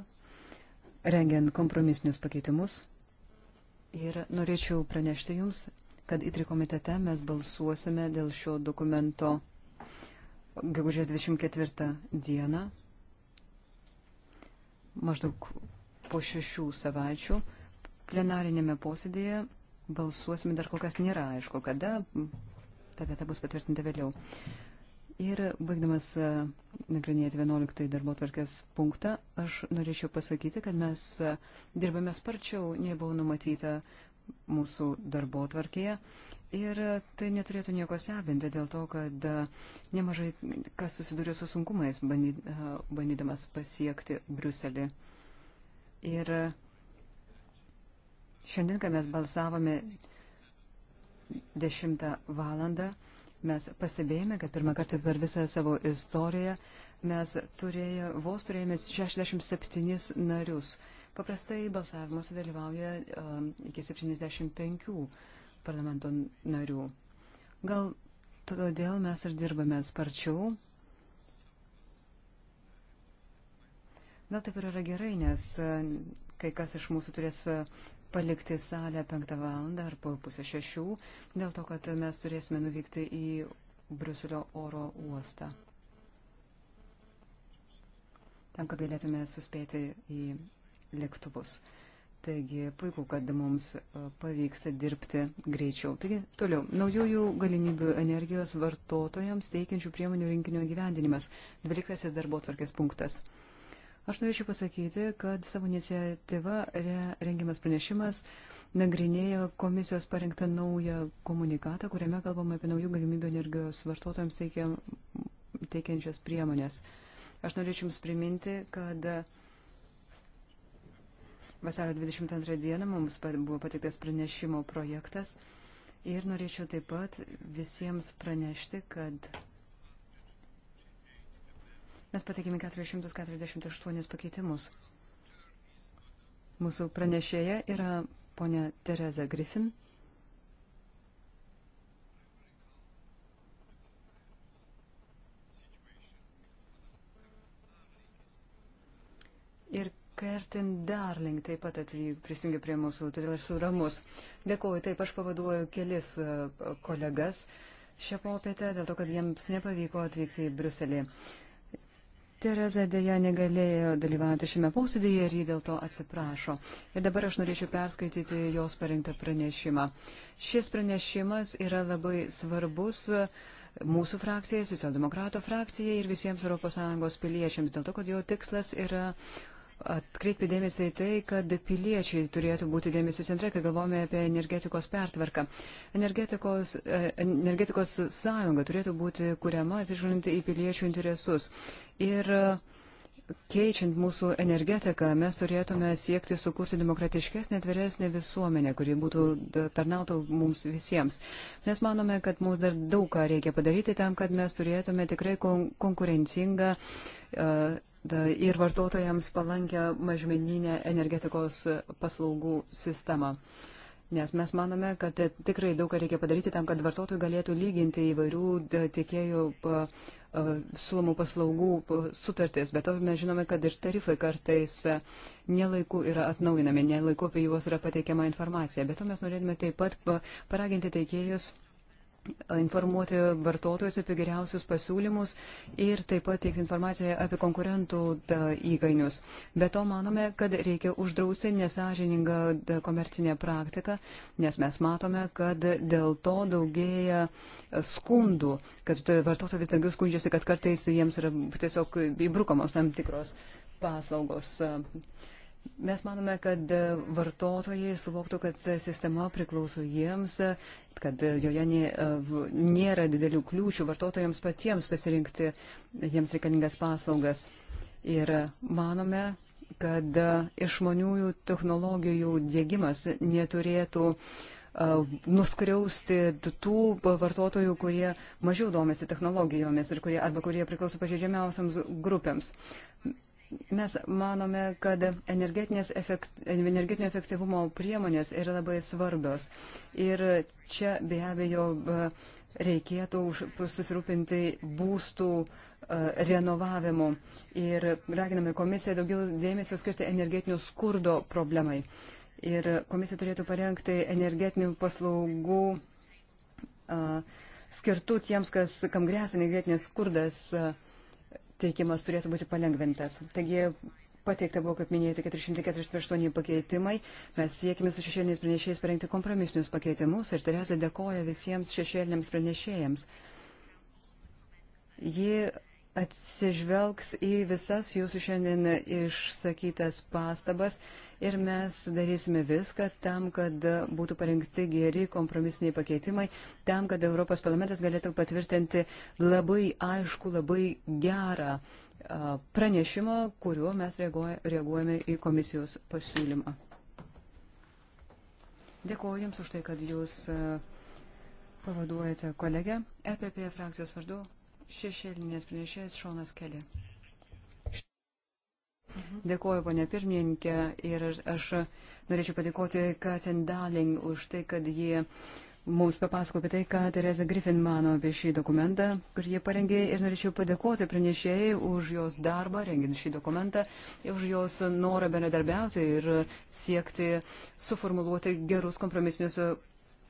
rengiant kompromisinius pakeitimus. Ir norėčiau pranešti Jums, kad įtri komitete mes balsuosime dėl šio dokumento gegužės 24 dieną maždaug po šešių savaičių plenarinėme posėdėje balsuosime, dar kol kas nėra aišku, kada ta vieta bus patvirtinta vėliau. Ir baigdamas e, nagrinėti 11 darbo tvarkės punktą, aš norėčiau pasakyti, kad mes e, dirbame sparčiau, nei buvo numatyta mūsų darbo tvarkėje. Ir tai neturėtų nieko stebinti dėl to, kad e, nemažai kas susiduria su sunkumais e, bandydamas pasiekti Briuselį. Ir šiandien, kai mes balsavome 10 valandą, mes pastebėjome, kad pirmą kartą per visą savo istoriją mes turėjo, vos turėjome 67 narius. Paprastai balsavimas dalyvauja um, iki 75 parlamento narių. Gal todėl mes ir dirbame sparčiau. Gal taip ir yra gerai, nes e, kai kas iš mūsų turės e, palikti salę penktą valandą ar po pusę šešių, dėl to, kad mes turėsime nuvykti į Bruselio oro uostą. Tam, kad galėtume suspėti į lėktuvus. Uh, Taigi puiku, kad mums e, pavyksta dirbti greičiau. Taigi toliau, naujųjų galimybių energijos vartotojams teikiančių priemonių rinkinio gyvendinimas, 12 darbo tvarkės punktas. Aš norėčiau pasakyti, kad savo iniciatyva rengiamas pranešimas nagrinėjo komisijos parengtą naują komunikatą, kuriame kalbama apie naujų galimybių energijos vartotojams teikiančias priemonės. Aš norėčiau Jums priminti, kad Vasario 22 dieną mums buvo patiktas pranešimo projektas ir norėčiau taip pat visiems pranešti, kad mes pateikėme 448 pakeitimus. Mūsų pranešėja yra ponia Tereza Griffin. Martin Darling taip pat atvyk, prisijungė prie mūsų, todėl aš suramus. Dėkuoju, taip aš pavaduoju kelis e, kolegas šią popietę, dėl to, kad jiems nepavyko atvykti į Bruselį. Tereza dėja negalėjo dalyvauti šiame posėdėje ir jį dėl to atsiprašo. Ir dabar aš norėčiau perskaityti jos parengtą pranešimą. Šis pranešimas yra labai svarbus e, mūsų frakcijai, socialdemokrato frakcijai ir visiems ES piliečiams, dėl to, kad jo tikslas yra atkreipiu dėmesį į tai, kad piliečiai turėtų būti dėmesio centre, kai galvome apie energetikos pertvarką. Energetikos, e, energetikos sąjunga turėtų būti kuriama atsižvelgiant į piliečių interesus. Ir e, keičiant mūsų energetiką, mes turėtume siekti sukurti demokratiškesnę, tvaresnę visuomenę, kuri būtų tarnautų mums visiems. Mes manome, kad mums dar daug ką reikia padaryti tam, kad mes turėtume tikrai kon konkurencingą uh, ir vartotojams palankę mažmeninę energetikos paslaugų sistemą. Nes mes manome, kad tikrai daug ką reikia padaryti tam, kad vartotojai galėtų lyginti įvairių tiekėjų siūlomų paslaugų sutartis. Bet to mes žinome, kad ir tarifai kartais nelaiku yra atnaujinami, nelaiku apie juos yra pateikiama informacija. Bet to mes norėtume taip pat paraginti teikėjus informuoti vartotojus apie geriausius pasiūlymus ir taip pat teikti informaciją apie konkurentų įkainius. Be to manome, kad reikia uždrausti nesažiningą komercinę praktiką, nes mes matome, kad dėl to daugėja skundų, kad vartotojai vis daugiau skundžiasi, kad kartais jiems yra tiesiog įbrukamos tam tikros paslaugos. Uh, Mes manome, kad vartotojai suvoktų, kad sistema priklauso jiems, kad joje nėra didelių kliūčių vartotojams patiems pasirinkti jiems reikalingas paslaugas. Ir manome, kad išmaniųjų technologijų dėgymas neturėtų nuskriausti tų vartotojų, kurie mažiau domisi technologijomis ir kurie, arba kurie priklauso pažeidžiamiausiams grupėms. Mes manome, kad efekt, energetinio efektyvumo priemonės yra labai svarbios. Ir čia be abejo e, reikėtų susirūpinti būstų e, renovavimu. Ir raginame komisiją daugiau dėmesio skirti energetinio skurdo problemai. Ir komisija turėtų parengti energetinių paslaugų a, e, skirtų tiems, kas, kam grėsia energetinis skurdas. A, teikimas turėtų būti palengvintas. Taigi pateikta buvo, kaip minėjote, 448 pakeitimai. Mes siekime su šešėliniais pranešėjais parengti kompromisinius pakeitimus ir Teresa dėkoja visiems šešėliniams pranešėjams. Ji atsižvelgs į visas jūsų šiandien išsakytas pastabas ir mes darysime viską tam, kad būtų parengti geri kompromisiniai pakeitimai, tam, kad Europos parlamentas galėtų patvirtinti labai aišku, labai gerą pranešimą, kuriuo mes reaguojame į komisijos pasiūlymą. Dėkuoju Jums už tai, kad Jūs pavaduojate kolegę EPP frakcijos vardu Šešėlinės pranešėjas Šonas Keli. Dėkuoju, ponė pirmininkė, ir aš norėčiau padėkoti Katin Daling už tai, kad jie mums papasako apie tai, ką Tereza Griffin mano apie šį dokumentą, kur jie parengė ir norėčiau padėkoti pranešėjai už jos darbą, rengint šį dokumentą, už jos norą bendradarbiauti ir siekti suformuluoti gerus kompromisinius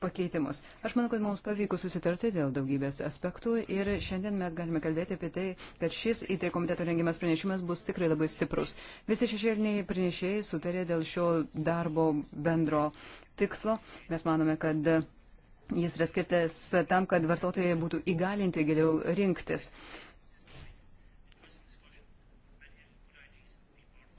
pakeitimus. Aš manau, kad mums pavyko susitarti dėl daugybės aspektų ir šiandien mes galime kalbėti apie tai, kad šis IT komiteto rengiamas pranešimas bus tikrai labai stiprus. Visi šešėliniai pranešėjai sutarė dėl šio darbo bendro tikslo. Mes manome, kad jis yra skirtas tam, kad vartotojai būtų įgalinti geriau rinktis.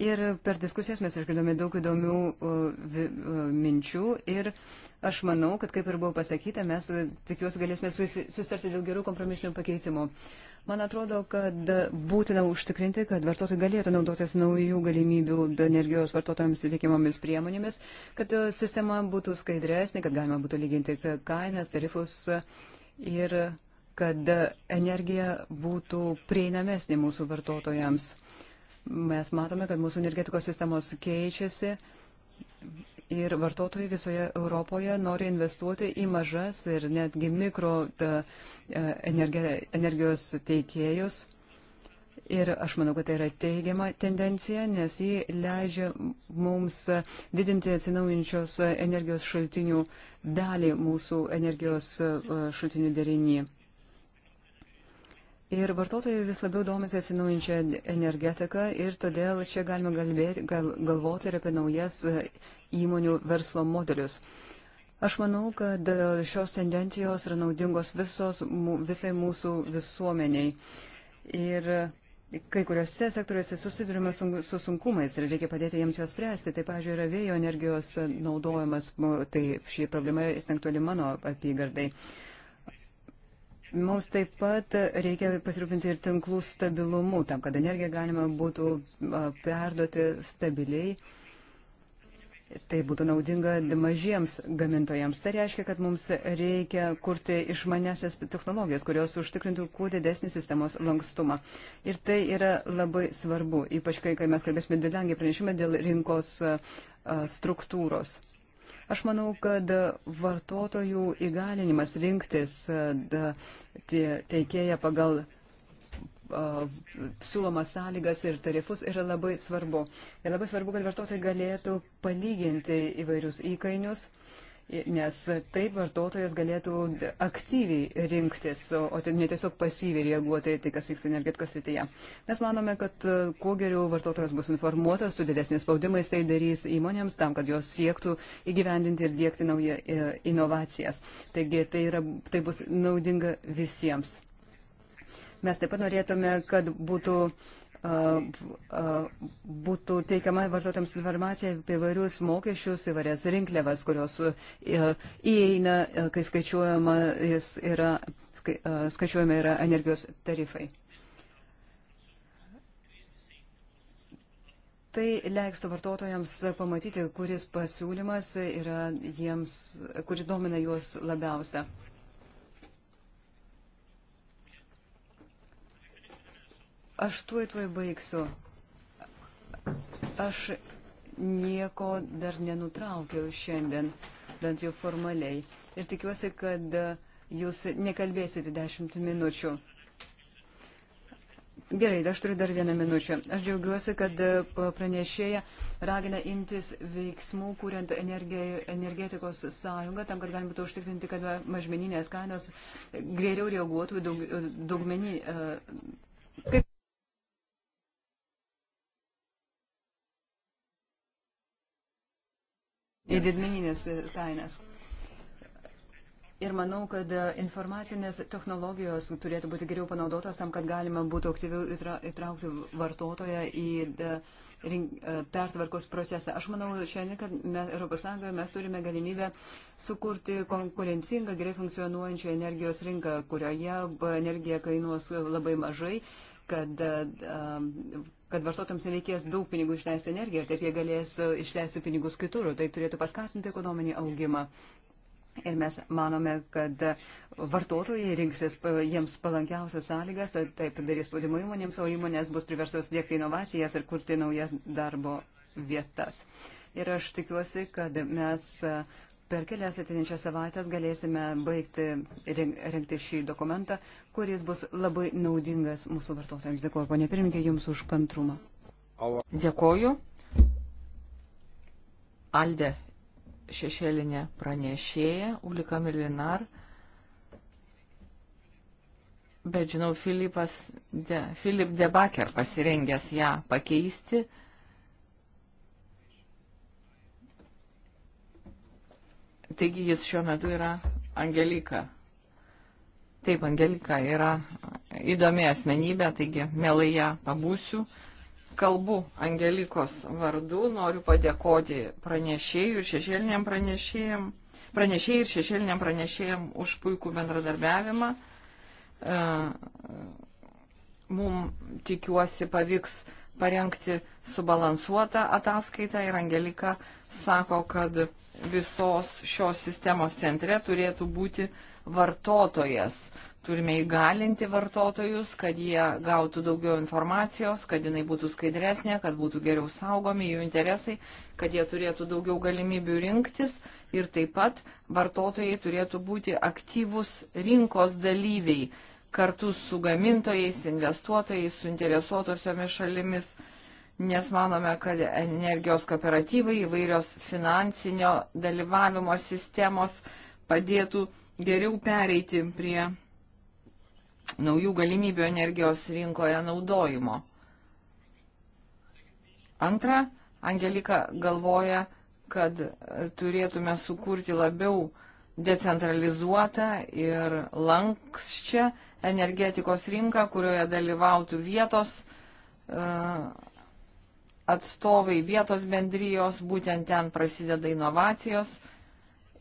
Ir per diskusijas mes išgirdome daug įdomių uh, uh, minčių ir uh, Aš manau, kad kaip ir buvo pasakyta, mes e, tikiuosi galėsime susitarti dėl gerų kompromisinių pakeitimų. Man atrodo, kad būtina užtikrinti, kad vartotojai galėtų naudotis naujų galimybių energijos vartotojams įtikimomis priemonėmis, kad e, sistema būtų skaidresnė, kad galima būtų lyginti kainas, tarifus e, ir kad energija būtų prieinamesnė mūsų vartotojams. Mes matome, kad mūsų energetikos sistemos keičiasi ir vartotojai visoje Europoje nori investuoti į mažas ir netgi mikro ta, e, energijos teikėjus. Ir aš manau, kad tai yra teigiama tendencija, nes ji leidžia mums didinti atsinaujinčios energijos šaltinių dalį mūsų energijos e, šaltinių derinį. Ir vartotojai vis labiau domisi atsinaujinčią energetiką ir todėl čia galima galvėti, gal, galvoti ir apie naujas įmonių verslo modelius. Aš manau, kad šios tendencijos yra naudingos visos, visai mūsų visuomeniai. Ir kai kuriuose sektoriuose susidurime su sunkumais ir reikia padėti jiems juos spręsti. Tai, pažiūrėjau, yra vėjo energijos naudojimas, tai ši problema tenktuoli mano apygardai. Mums taip pat reikia pasirūpinti ir tinklų stabilumu, tam, kad energiją galima būtų perduoti stabiliai Tai būtų naudinga mažiems gamintojams. Tai reiškia, kad mums reikia kurti išmanesias technologijas, kurios užtikrintų kuo didesnį sistemos lankstumą. Ir tai yra labai svarbu, ypač kai, kai mes kalbėsime didengį pranešimą dėl rinkos struktūros. Aš manau, kad vartotojų įgalinimas rinktis teikėja pagal siūlomas sąlygas ir tarifus yra labai svarbu. Ir labai svarbu, kad vartotojai galėtų palyginti įvairius įkainius. Nes taip vartotojas galėtų aktyviai rinktis, o, o ne tiesiog pasyviai reaguoti tai, kas vyksta energetikos srityje. Mes manome, kad kuo geriau vartotojas bus informuotas, su didesnės spaudimais tai darys įmonėms tam, kad jos siektų įgyvendinti ir dėkti naują e, inovacijas. Taigi tai, yra, tai bus naudinga visiems. Mes taip pat norėtume, kad būtų, uh, uh, būtų teikiama vartotojams informacija apie vairius mokesčius, įvairias rinkliavas, kurios uh, įeina, kai skaičiuojama, yra, skai, skaičiuojama yra energijos tarifai. Tai leistų vartotojams pamatyti, kuris pasiūlymas yra jiems, kuris domina juos labiausia. Aš tuoj tuoj baigsiu. Aš nieko dar nenutraukiau šiandien, bent jau formaliai. Ir tikiuosi, kad jūs nekalbėsite dešimt minučių. Gerai, aš turiu dar vieną minučią. Aš džiaugiuosi, kad pranešėja ragina imtis veiksmų, kuriant energetikos sąjungą, tam, kad galima būtų užtikrinti, kad mažmeninės kainos geriau reaguotų daug, daugmenį. E, kaip į didmeninės kainas. Ir manau, kad e, informacinės technologijos turėtų būti geriau panaudotos tam, kad galima būtų aktyviau įtraukti vartotoją į e, e, pertvarkos procesą. Aš manau šiandien, kad mes, Europos Sąjungoje mes turime galimybę sukurti konkurencingą, gerai funkcionuojančią energijos rinką, kurioje energija kainuos labai mažai, kad kad vartotojams reikės daug pinigų išleisti energiją ir taip jie galės e, išleisti pinigus kitur, tai turėtų paskatinti ekonominį augimą. Ir mes manome, kad vartotojai rinksis e, jiems palankiausias sąlygas, taip darys spaudimo įmonėms, o įmonės bus priversos dėkti inovacijas ir kurti naujas darbo vietas. Ir aš tikiuosi, kad mes e, Per kelias atinančias savaitės galėsime baigti rengti šį dokumentą, kuris bus labai naudingas mūsų vartotojams. Dėkuoju, ponė pirmininkė, Jums už kantrumą. Dėkuoju. Alde šešėlinė pranešėja, Ulika Milinar. Bet žinau, Filipas de, Filip Debaker pasirengęs ją pakeisti. Taigi jis šiuo metu yra Angelika. Taip, Angelika yra įdomi asmenybė, taigi mielai ją pabūsiu. Kalbu Angelikos vardu, noriu padėkoti pranešėjų ir šešėliniam pranešėjim, pranešėjai ir šešėliniam pranešėjim už puikų bendradarbiavimą. E, Mums tikiuosi pavyks parengti subalansuotą ataskaitą ir Angelika sako, kad visos šios sistemos centre turėtų būti vartotojas. Turime įgalinti vartotojus, kad jie gautų daugiau informacijos, kad jinai būtų skaidresnė, kad būtų geriau saugomi jų interesai, kad jie turėtų daugiau galimybių rinktis ir taip pat vartotojai turėtų būti aktyvus rinkos dalyviai kartu su gamintojais, investuotojais, suinteresuotosiomis šalimis, nes manome, kad energijos kooperatyvai įvairios finansinio dalyvavimo sistemos padėtų geriau pereiti prie naujų galimybių energijos rinkoje naudojimo. Antra, Angelika galvoja, kad turėtume sukurti labiau decentralizuotą ir lankščią energetikos rinką, kurioje dalyvautų vietos e, atstovai, vietos bendrijos, būtent ten prasideda inovacijos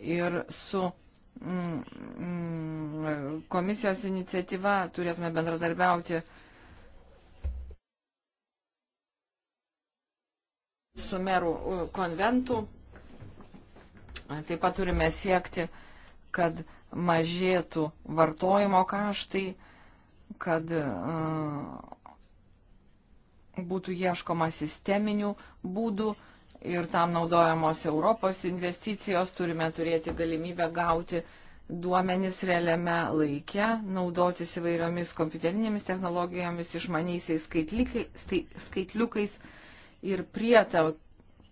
ir su mm, mm, komisijos iniciatyva turėtume bendradarbiauti su merų konventu. Taip pat turime siekti uh, kad mažėtų vartojimo kaštai, kad e, būtų ieškoma sisteminių būdų ir tam naudojamos Europos investicijos, turime turėti galimybę gauti duomenis realiame laike, naudotis įvairiomis kompiuterinėmis technologijomis, išmaniaisiais skaitliukais ir prieta,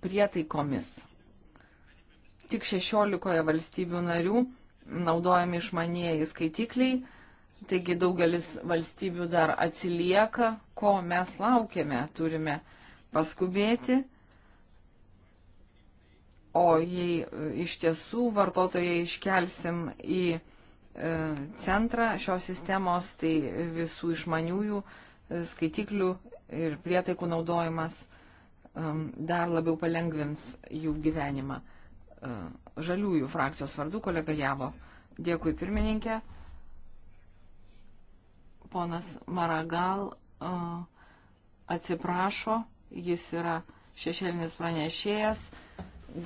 prietaikomis. Tik 16 valstybių narių naudojami išmanieji skaitikliai, taigi daugelis valstybių dar atsilieka, ko mes laukiame, turime paskubėti. O jei e, iš tiesų vartotojai iškelsim į e, centrą šios sistemos, tai visų išmaniųjų e, skaitiklių ir prietaikų naudojimas dar labiau palengvins jų gyvenimą žaliųjų frakcijos vardu kolega Javo. Dėkui pirmininkė. Ponas Maragal uh, atsiprašo, jis yra šešėlinis pranešėjas,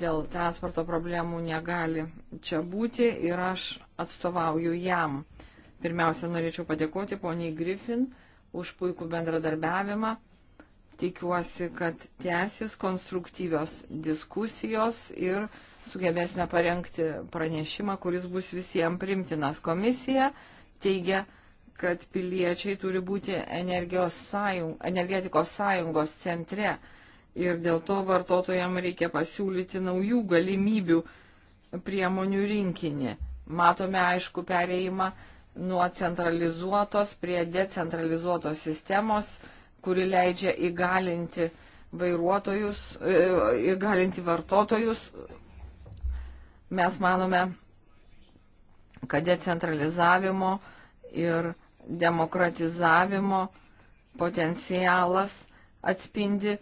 dėl transporto problemų negali čia būti ir aš atstovauju jam. Pirmiausia, norėčiau padėkoti poniai Griffin už puikų bendradarbiavimą. Tikiuosi, kad tęsis konstruktyvios diskusijos ir sugebėsime parengti pranešimą, kuris bus visiems primtinas. Komisija teigia, kad piliečiai turi būti sąjung, energetikos sąjungos centre ir dėl to vartotojams reikia pasiūlyti naujų galimybių priemonių rinkinį. Matome aišku pereimą nuo centralizuotos prie decentralizuotos sistemos kuri leidžia įgalinti vairuotojus, e, įgalinti vartotojus. Mes manome, kad decentralizavimo ir demokratizavimo potencialas atspindi e,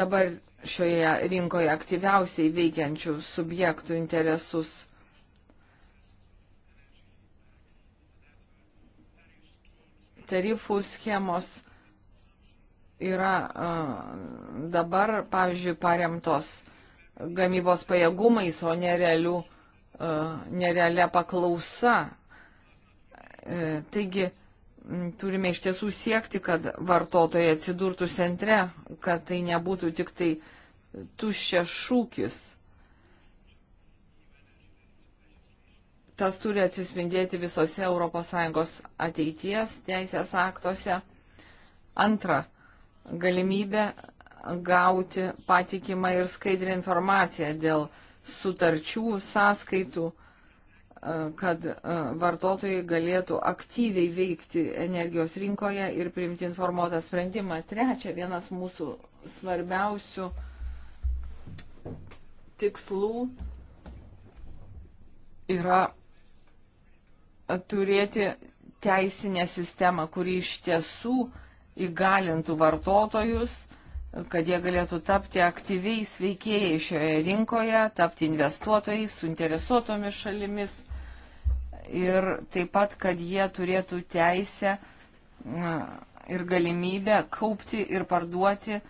dabar šioje rinkoje aktyviausiai veikiančių subjektų interesus tarifų schemos yra dabar, pavyzdžiui, paremtos gamybos pajėgumais, o nerealių, nerealia paklausa. E, taigi turime iš tiesų siekti, kad vartotojai atsidurtų centre, kad tai nebūtų tik tai tuščias šūkis. tas turi atsispindėti visose ES ateities teisės aktuose. Antra, galimybė gauti patikimą ir skaidrį informaciją dėl sutarčių, sąskaitų, e, kad e, vartotojai galėtų aktyviai veikti energijos rinkoje ir priimti informuotą sprendimą. Trečia, vienas mūsų svarbiausių tikslų yra turėti teisinę sistemą, kuri iš tiesų įgalintų vartotojus, kad jie galėtų tapti aktyviais veikėjai šioje rinkoje, tapti investuotojais, suinteresuotomis šalimis ir taip pat, kad jie turėtų teisę ir galimybę kaupti ir parduoti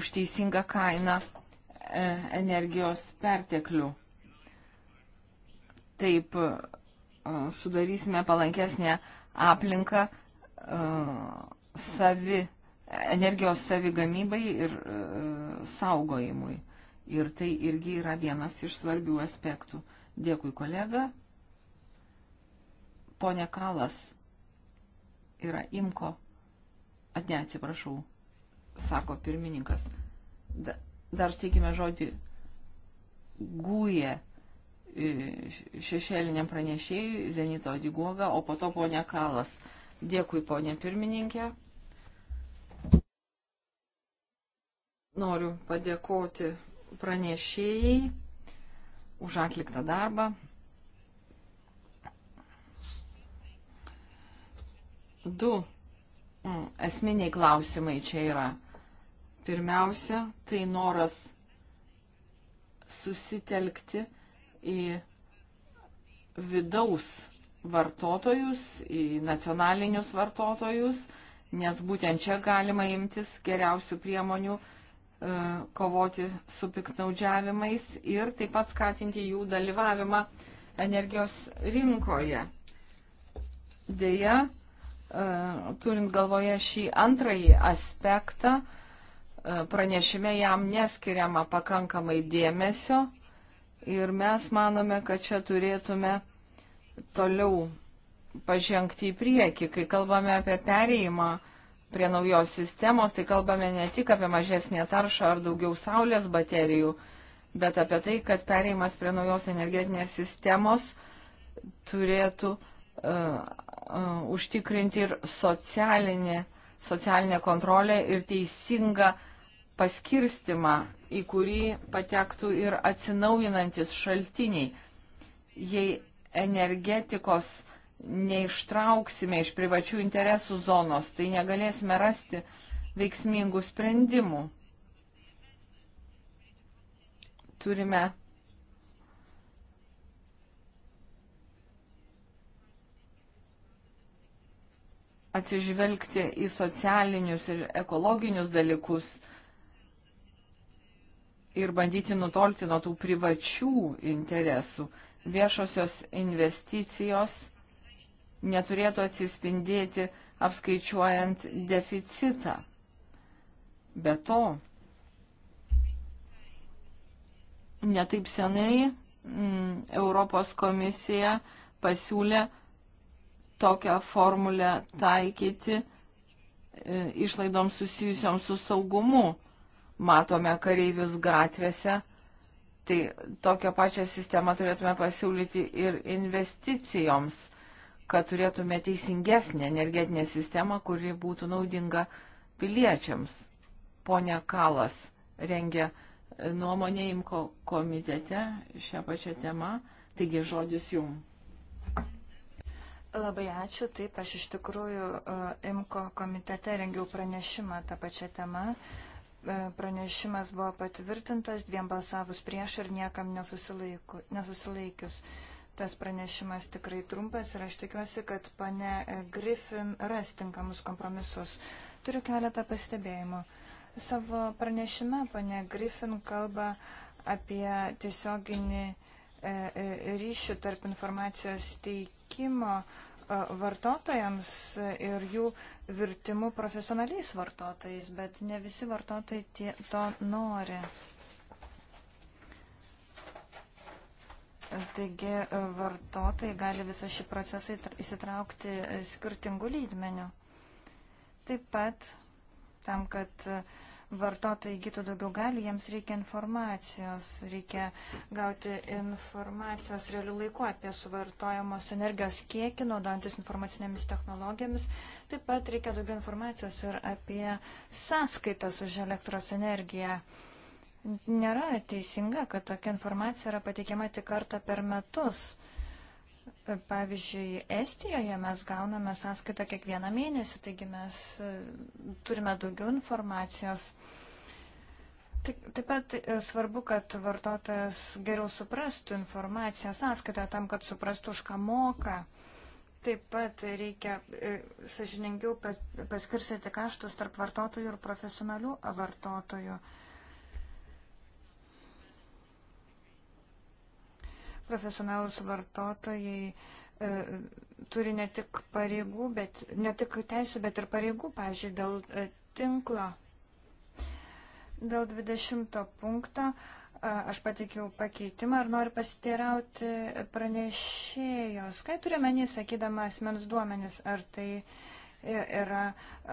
už teisingą kainą e, energijos perteklių. Taip sudarysime palankesnę aplinką savi, energijos savigamybai ir saugojimui. Ir tai irgi yra vienas iš svarbių aspektų. Dėkui, kolega. Pone Kalas yra imko. Atne, atsiprašau, sako pirmininkas. Da, dar steikime žodį gūje šešėliniam pranešėjui Zenito Diguoga, o po to ponia Kalas. Dėkui, ponia pirmininkė. Noriu padėkoti pranešėjai už atliktą darbą. Du mm, esminiai klausimai čia yra. Pirmiausia, tai noras susitelkti į vidaus vartotojus, į nacionalinius vartotojus, nes būtent čia galima imtis geriausių priemonių e, kovoti su piknaudžiavimais ir taip pat skatinti jų dalyvavimą energijos rinkoje. Deja, e, turint galvoje šį antrąjį aspektą, e, pranešime jam neskiriama pakankamai dėmesio, Ir mes manome, kad čia turėtume toliau pažengti į priekį. Kai kalbame apie pereimą prie naujos sistemos, tai kalbame ne tik apie mažesnį taršą ar daugiau saulės baterijų, bet apie tai, kad pereimas prie naujos energetinės sistemos turėtų uh, uh, užtikrinti ir socialinę, socialinę kontrolę ir teisingą uh, paskirstimą, į kurį patektų ir atsinaujinantis šaltiniai. Jei energetikos neištrauksime iš privačių interesų zonos, tai negalėsime rasti veiksmingų sprendimų. Turime atsižvelgti į socialinius ir ekologinius dalykus ir bandyti nutolti nuo tų privačių interesų. Viešosios investicijos neturėtų atsispindėti apskaičiuojant deficitą. Be to, netaip senai m, mm, Europos komisija pasiūlė tokią formulę taikyti e, išlaidoms susijusiam su saugumu matome kareivius gatvėse, tai tokią pačią sistemą turėtume pasiūlyti ir investicijoms, kad turėtume teisingesnę energetinę sistemą, kuri būtų naudinga piliečiams. Pone Kalas rengia e, nuomonė imko komitete šią pačią temą, taigi žodis jums. Labai ačiū. Taip, aš iš tikrųjų e, IMKO komitete rengiau pranešimą tą pačią temą. Uh, E, pranešimas buvo patvirtintas dviem balsavus prieš ir niekam nesusilaikius. Tas pranešimas tikrai trumpas ir aš tikiuosi, kad pane Griffin ras tinkamus kompromisus. Turiu keletą pastebėjimų. Savo pranešime pane Griffin kalba apie tiesioginį e, e, ryšį tarp informacijos teikimo vartotojams ir jų virtimu profesionaliais vartotojais, bet ne visi vartotojai tie, to nori. Taigi vartotojai gali visą šį procesą įsitraukti skirtingų lydmenių. Taip pat tam, kad uh, vartotojai įgytų daugiau galių, jiems reikia informacijos, reikia gauti informacijos realių laikų apie suvartojamos energijos kiekį, naudojantis informacinėmis technologijomis. Taip pat reikia daugiau informacijos ir apie sąskaitas už elektros energiją. Nėra teisinga, kad tokia informacija yra pateikiama tik kartą per metus. Pavyzdžiui, Estijoje mes gauname sąskaitą kiekvieną mėnesį, taigi mes e, turime daugiau informacijos. Taip pat e, svarbu, kad vartotojas geriau suprastų informaciją sąskaitoje tam, kad suprastų, už ką moka. Taip pat reikia e, sažiningiau paskirstyti kaštus tarp vartotojų ir profesionalių vartotojų. profesionalus vartotojai e, turi ne tik pareigų, bet ne tik teisų, bet ir pareigų, pavyzdžiui, dėl e, tinklo. Dėl 20 punkto e, aš patikiau pakeitimą ir noriu pasiteirauti pranešėjos. Ką turiuomenį, sakydama asmens duomenis, ar tai yra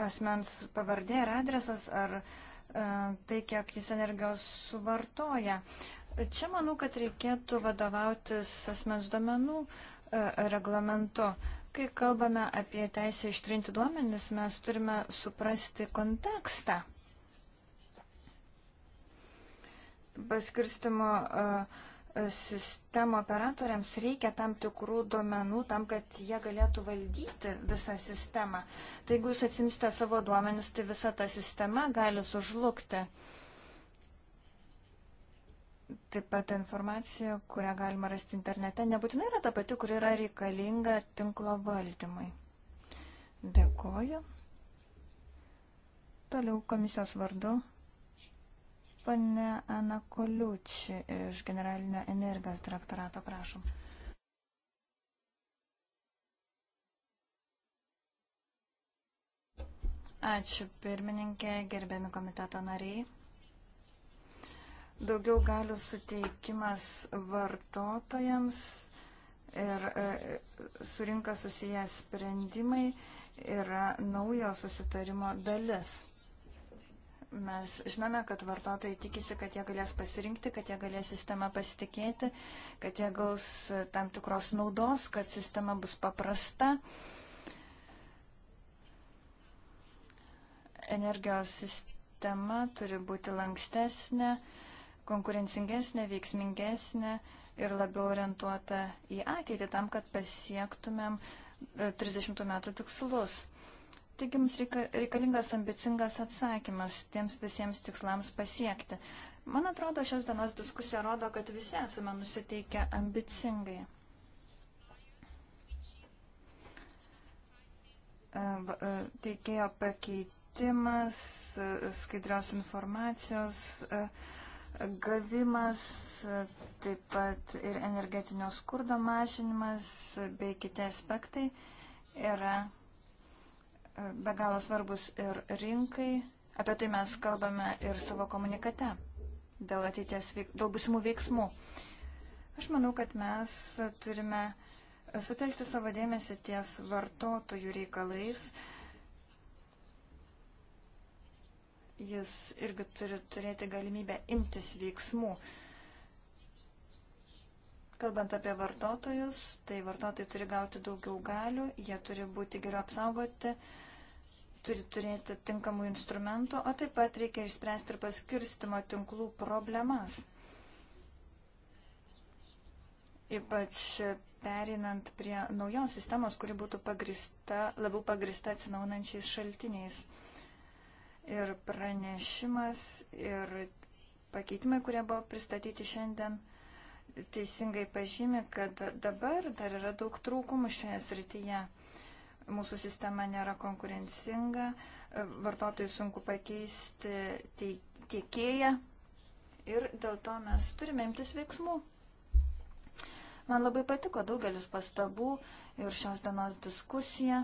asmens pavardė ar adresas, ar e, tai, kiek jis energijos suvartoja. Čia manau, kad reikėtų vadovautis asmens duomenų e, reglamentu. Kai kalbame apie teisę ištrinti duomenis, mes turime suprasti kontekstą. Paskirstimo e, e, sistemo operatoriams reikia tam tikrų duomenų tam, kad jie galėtų valdyti visą sistemą. Tai jeigu jūs atsimsite savo duomenis, tai visa ta sistema gali sužlugti. Uh, Taip pat informacija, kurią galima rasti internete, nebūtinai yra ta pati, kuri yra reikalinga tinklo valdymui. Dėkoju. Toliau komisijos vardu. Pane Ana Koliuči iš Generalinio energijos direktorato, prašom. Ačiū pirmininkė, gerbiami komiteto nariai. Daugiau galių suteikimas vartotojams ir e, su rinka susiję sprendimai yra naujo susitarimo dalis. Mes žinome, kad vartotojai tikisi, kad jie galės pasirinkti, kad jie galės sistemą pasitikėti, kad jie gaus tam tikros naudos, kad sistema bus paprasta. Energijos sistema turi būti lankstesnė. Uh, konkurencingesnė, veiksmingesnė ir labiau orientuota į ateitį tam, kad pasiektumėm 30 e, metų tikslus. Taigi mums reikalingas ambicingas atsakymas tiems visiems tikslams pasiekti. Man atrodo, šios dienos diskusija rodo, kad visi esame nusiteikę ambicingai. E, e, teikėjo pakeitimas, skaidrios informacijos, gavimas, taip pat ir energetinio skurdo mažinimas bei kiti aspektai yra e, be galo svarbus ir rinkai. Apie tai mes kalbame ir savo komunikate dėl ateities, dėl būsimų veiksmų. Aš manau, kad mes turime sutelkti savo dėmesį ties vartotojų reikalais, uh, jis irgi turi turėti galimybę imtis veiksmų. Kalbant apie vartotojus, tai vartotojai turi gauti daugiau galių, jie turi būti geriau apsaugoti, turi turėti tinkamų instrumentų, o taip pat reikia išspręsti ir paskirstimo tinklų problemas. Ypač perinant prie naujos sistemos, kuri būtų pagrista, labiau pagrista atsinaunančiais šaltiniais ir pranešimas, ir pakeitimai, kurie buvo pristatyti šiandien, teisingai pažymė, kad dabar dar yra daug trūkumų šioje srityje. Mūsų sistema nėra konkurencinga, vartotojai sunku pakeisti tiekėją ir dėl to mes turime imtis veiksmų. Man labai patiko daugelis pastabų ir šios dienos diskusija.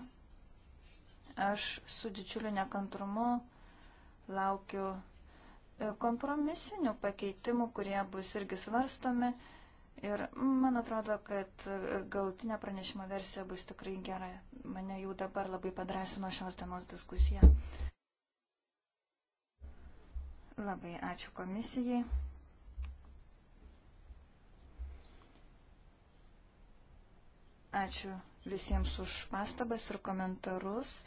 Aš su didžiuliu nekantrumu Laukiu e, kompromisinių pakeitimų, kurie bus irgi svarstomi. Ir man atrodo, kad e, galutinė pranešimo versija bus tikrai gera. Mane jau dabar labai padrasino šios dienos diskusija. Labai ačiū komisijai. Ačiū visiems už pastabas ir komentarus.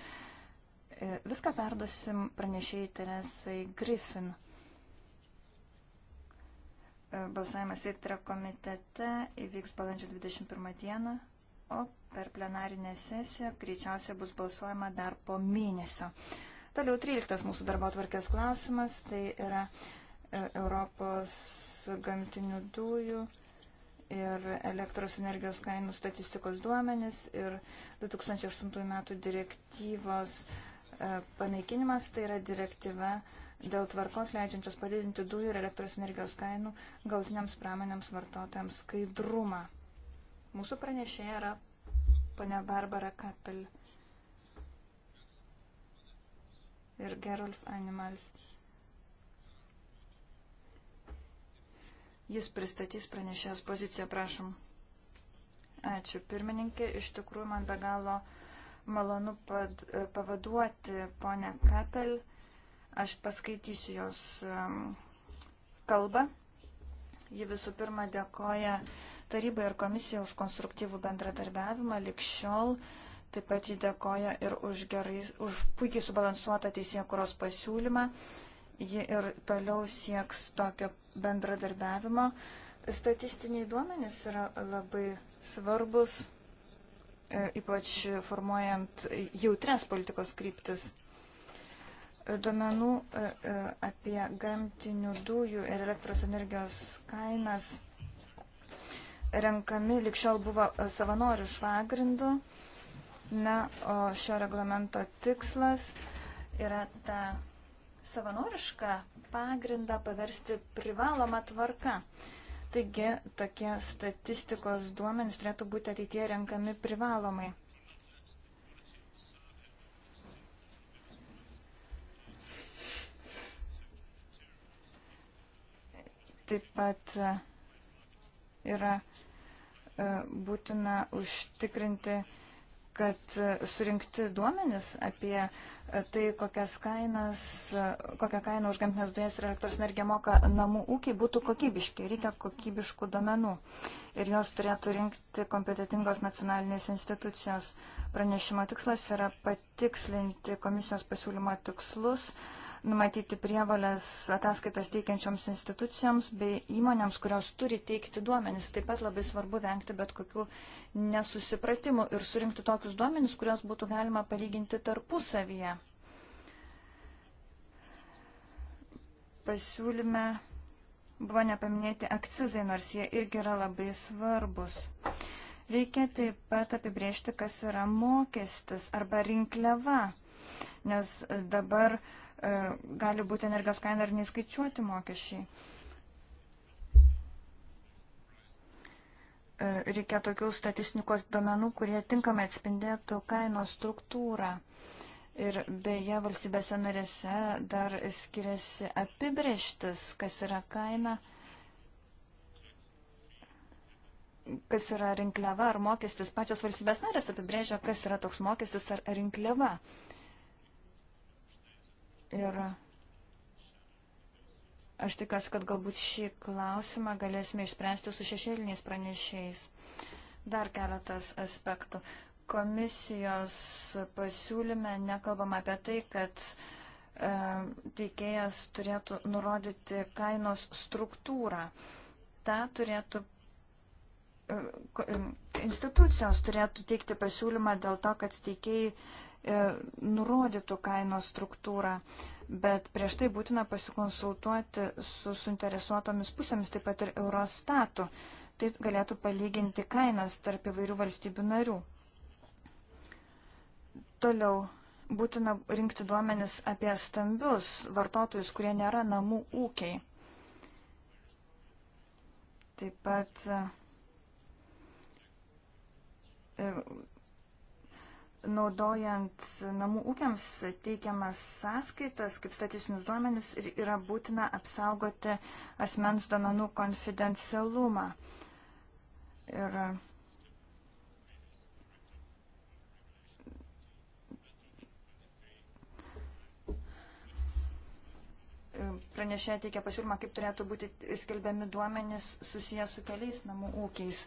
E, viską perduosim pranešėjai Teresai Griffin. E, balsavimas įtra komitete įvyks balandžio 21 dieną, o per plenarinę sesiją greičiausiai bus balsuojama dar po mėnesio. Toliau 13 mūsų darbo atvarkės klausimas, tai yra e, Europos gamtinių dujų ir elektros energijos kainų statistikos duomenis ir 2008 metų direktyvos E, panaikinimas, tai yra direktyva dėl tvarkos leidžiančios padidinti dujų ir elektros energijos kainų galtiniams pramonėms vartotojams skaidrumą. Mūsų pranešėja yra ponia Barbara Kapel ir Gerolf Animals. Jis pristatys pranešėjos poziciją, prašom. Ačiū, pirmininkė. Iš tikrųjų, man be galo uh, malonu pad, e, pavaduoti ponę Kapel. Aš paskaitysiu jos kalbą. Ji visų pirma dėkoja tarybai ir komisijai už konstruktyvų bendradarbiavimą likščiol. Taip pat jį dėkoja ir už, gerai, už puikiai subalansuotą teisėkuros pasiūlymą. Ji ir toliau sieks tokio bendradarbiavimo. Statistiniai duomenys yra labai svarbus E, ypač formuojant jautres politikos kryptis. Duomenų e, e, apie gamtinių dujų ir elektros energijos kainas renkami likščiol buvo savanorių švagrindų. Na, o šio reglamento tikslas yra ta savanorišką pagrindą paversti privalomą tvarką. Uh, Taigi tokie statistikos duomenys turėtų būti ateitie renkami privalomai. Taip pat e, yra e, būtina užtikrinti uh, kad e, surinkti duomenis apie e, tai, kokias kainas, e, kokią kainą už gamtinės dujas ir elektros energiją moka namų ūkiai, būtų kokybiški. Reikia kokybiškų duomenų. Ir jos turėtų rinkti kompetitingos nacionalinės institucijos. Pranešimo tikslas yra patikslinti komisijos pasiūlymo tikslus, uh, numatyti prievalės ataskaitas teikiančioms institucijoms bei įmonėms, kurios turi teikti duomenis. Taip pat labai svarbu vengti bet kokių nesusipratimų ir surinkti tokius duomenis, kurios būtų galima palyginti tarpusavyje. Pasiūlyme buvo nepaminėti akcizai, nors jie irgi yra labai svarbus. Reikia taip pat apibriežti, kas yra mokestis arba rinkliava, nes dabar uh, E, gali būti energijos kaina ir neįskaičiuoti mokesčiai. E, reikia tokių statistikos domenų, kurie tinkamai atspindėtų kainos struktūrą. Ir beje, valstybėse narėse dar skiriasi apibrieštis, kas yra kaina, kas yra rinkliava ar mokestis. Pačios valstybės narės apibrėžia, kas yra toks mokestis ar rinkliava. Uh, Ir aš tikiuosi, kad galbūt šį klausimą galėsime išspręsti su šešėliniais pranešėjais. Dar keletas aspektų. Komisijos pasiūlyme nekalbama apie tai, kad e, teikėjas turėtų nurodyti kainos struktūrą. Ta turėtų e, e, institucijos turėtų teikti pasiūlymą dėl to, kad teikėjai E, nurodytų kainos struktūrą, bet prieš tai būtina pasikonsultuoti su suinteresuotomis pusėmis, taip pat ir Eurostatu. Tai galėtų palyginti kainas tarp įvairių valstybių narių. Toliau būtina rinkti duomenis apie stambius vartotojus, kurie nėra namų ūkiai. Taip pat e, naudojant namų ūkiams teikiamas sąskaitas kaip statistinius duomenis yra būtina apsaugoti asmens duomenų konfidencialumą. Ir pranešė teikia pasiūlymą, kaip turėtų būti skelbiami duomenys susijęs su keliais namų ūkiais.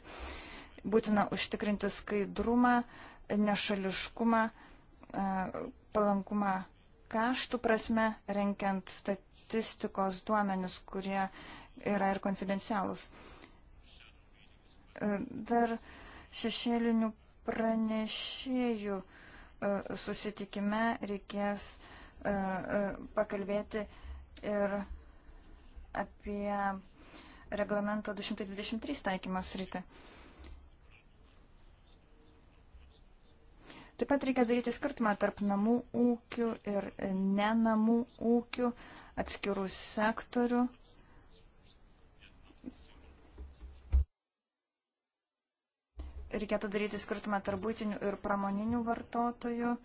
Būtina užtikrinti skaidrumą, uh, nešališkumą, e, palankumą kaštų prasme, renkiant statistikos duomenis, kurie yra ir konfidencialūs. E, dar šešėlinių pranešėjų e, susitikime reikės pakalbėti ir apie reglamento 223 taikymas rytį. Taip pat reikia daryti skirtumą tarp namų ūkių ir ne namų ūkių, atskirų sektorių. Reikėtų daryti skirtumą tarp būtinių ir pramoninių vartotojų.